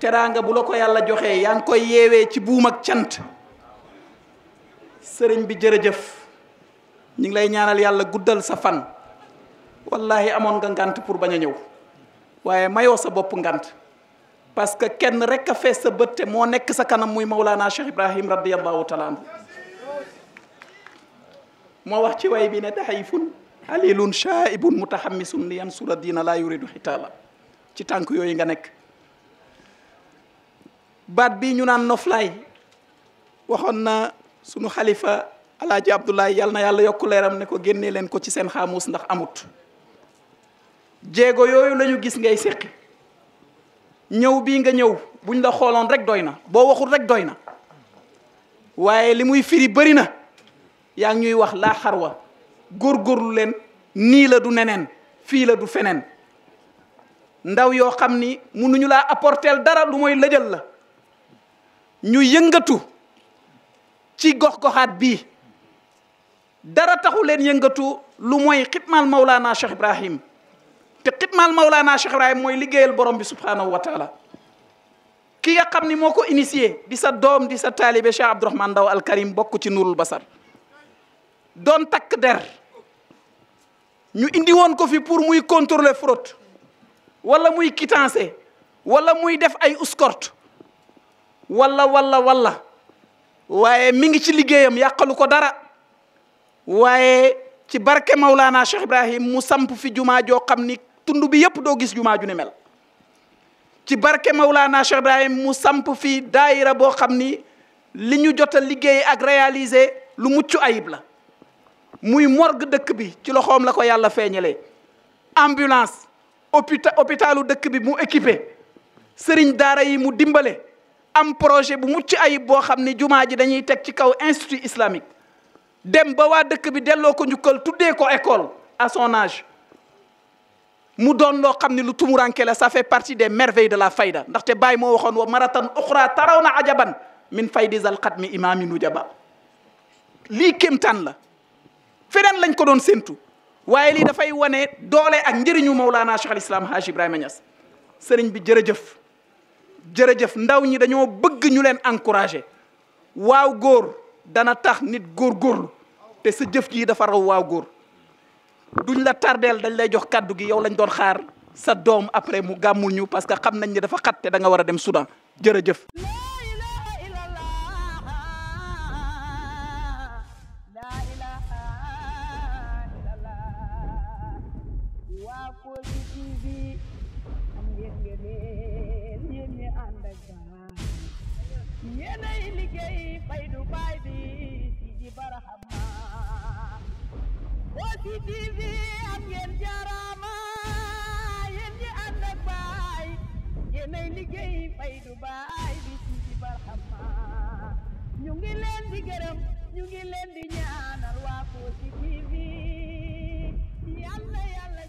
teraanga bu la ko yàlla joxee yaa ngi koy yeewee ci buum cant sëriñ bi jërëjëf ñu ngi lay ñaanal yàlla guddal sa fan wallahi amoon nga ngant pour bañ a ñëw waaye mayoo sa bopp ngant parce que kenn rek a fees sa bët te moo nekk sa kanam muy Mawlana Cheikh Ibrahim radiallahu taala anhu moo wax ci way bi ne daxayfun alilun shaibun mutahammisun li yansura diina laa yuridu xitaala ci tànk yooyu nga nekk baat bi ñu naan noflaay waxoon na sunu xalifa alaaji abdoulaye yal na yàlla yokk leeram ne ko génnee leen ko ci seen xaamus ndax amut jéego yooyu lañu gis ngay séqi ñëw bii nga ñëw buñ la xooloon rek doy na boo waxul rek doy na waaye li muy firi bëri na yaa ngi ñuy wax laa xarwa góorgóorlu leen nii la du neneen fii la du feneen ndaw yoo xam ni mënuñu laa apporter dara lu mooy lëjal la ñu yëngatu ci gox-goxaat bii dara taxu leen yëngatu lu mooy xitmaal Maulana Cheikh Ibrahim te xitmaal Maulana Cheikh Ibrahim mooy liggéeyal borom bi subhanahu wa taala ki nga xam ni moo ko initié di sa doom di sa taalibe Cheikh Abdourahmane Ndaw Al Karim bokk ci Nuurul Basar doon takk der ñu indi woon ko fi pour muy contrôler fraude wala muy quittance wala muy def ay escorte wala walla walla waaye mi ngi ci liggéeyam yàqalu ko dara waaye ci barke Maulana Cheikh Ibrahim mu samp fi jumaa joo xam ni tund bi yëpp doo gis jumaa ju ni mel ci barke Maulana Cheikh Ibrahim mu samp fi daayira boo xam ni li ñu jot a liggéey ak réaliser lu mucc ayib la muy morgue dëkk bi ci loxoom la ko yàlla feeñalee ambulance hôpita hôpitalu dëkk bi mu équipé sëriñ daara yi mu dimbale am projet bu mucc ayib boo xam ne jumaa ji dañuy teg ci kaw institut islamique dem ba waa dëkk bi delloo ko njukkal tuddee ko école à sonage mu doon loo xam ne lu tumuranke la ça fait partie des merveilles de la fayda ndaxte baay moo waxoon wa maratan uxra taraw na ajaban min faydi zalxat mi imaami nujaba lii kéemtaan la feneen lañ ko doon séntu waaye lii dafay wane doole ak njëriñu Mawlana Cheikh al Islam Haji Ibrahima Niass sëriñ bi jërëjëf jërëjëf ndaw ñi dañoo bëgg ñu leen encouragé waaw góor dana tax nit góor góor te sa jëf jii dafa raw waaw góor duñ la tardeel dañ lay jox kàddu gi yow lañ doon xaar sa doom après mu gàmmul ñu parce que xam nañ ne dafa xat te da nga war a dem Soudan jërëjëf. liggéey fay du baay bi Sidi Barhama Kossy am ngeen jaaraama yéen ñi ànd ak baay yéenay liggéey fay bi Sidi Barhama ñu ngi di gërëm ñu ngi leen di ñaanal waa Kossy TV yàlla yàlla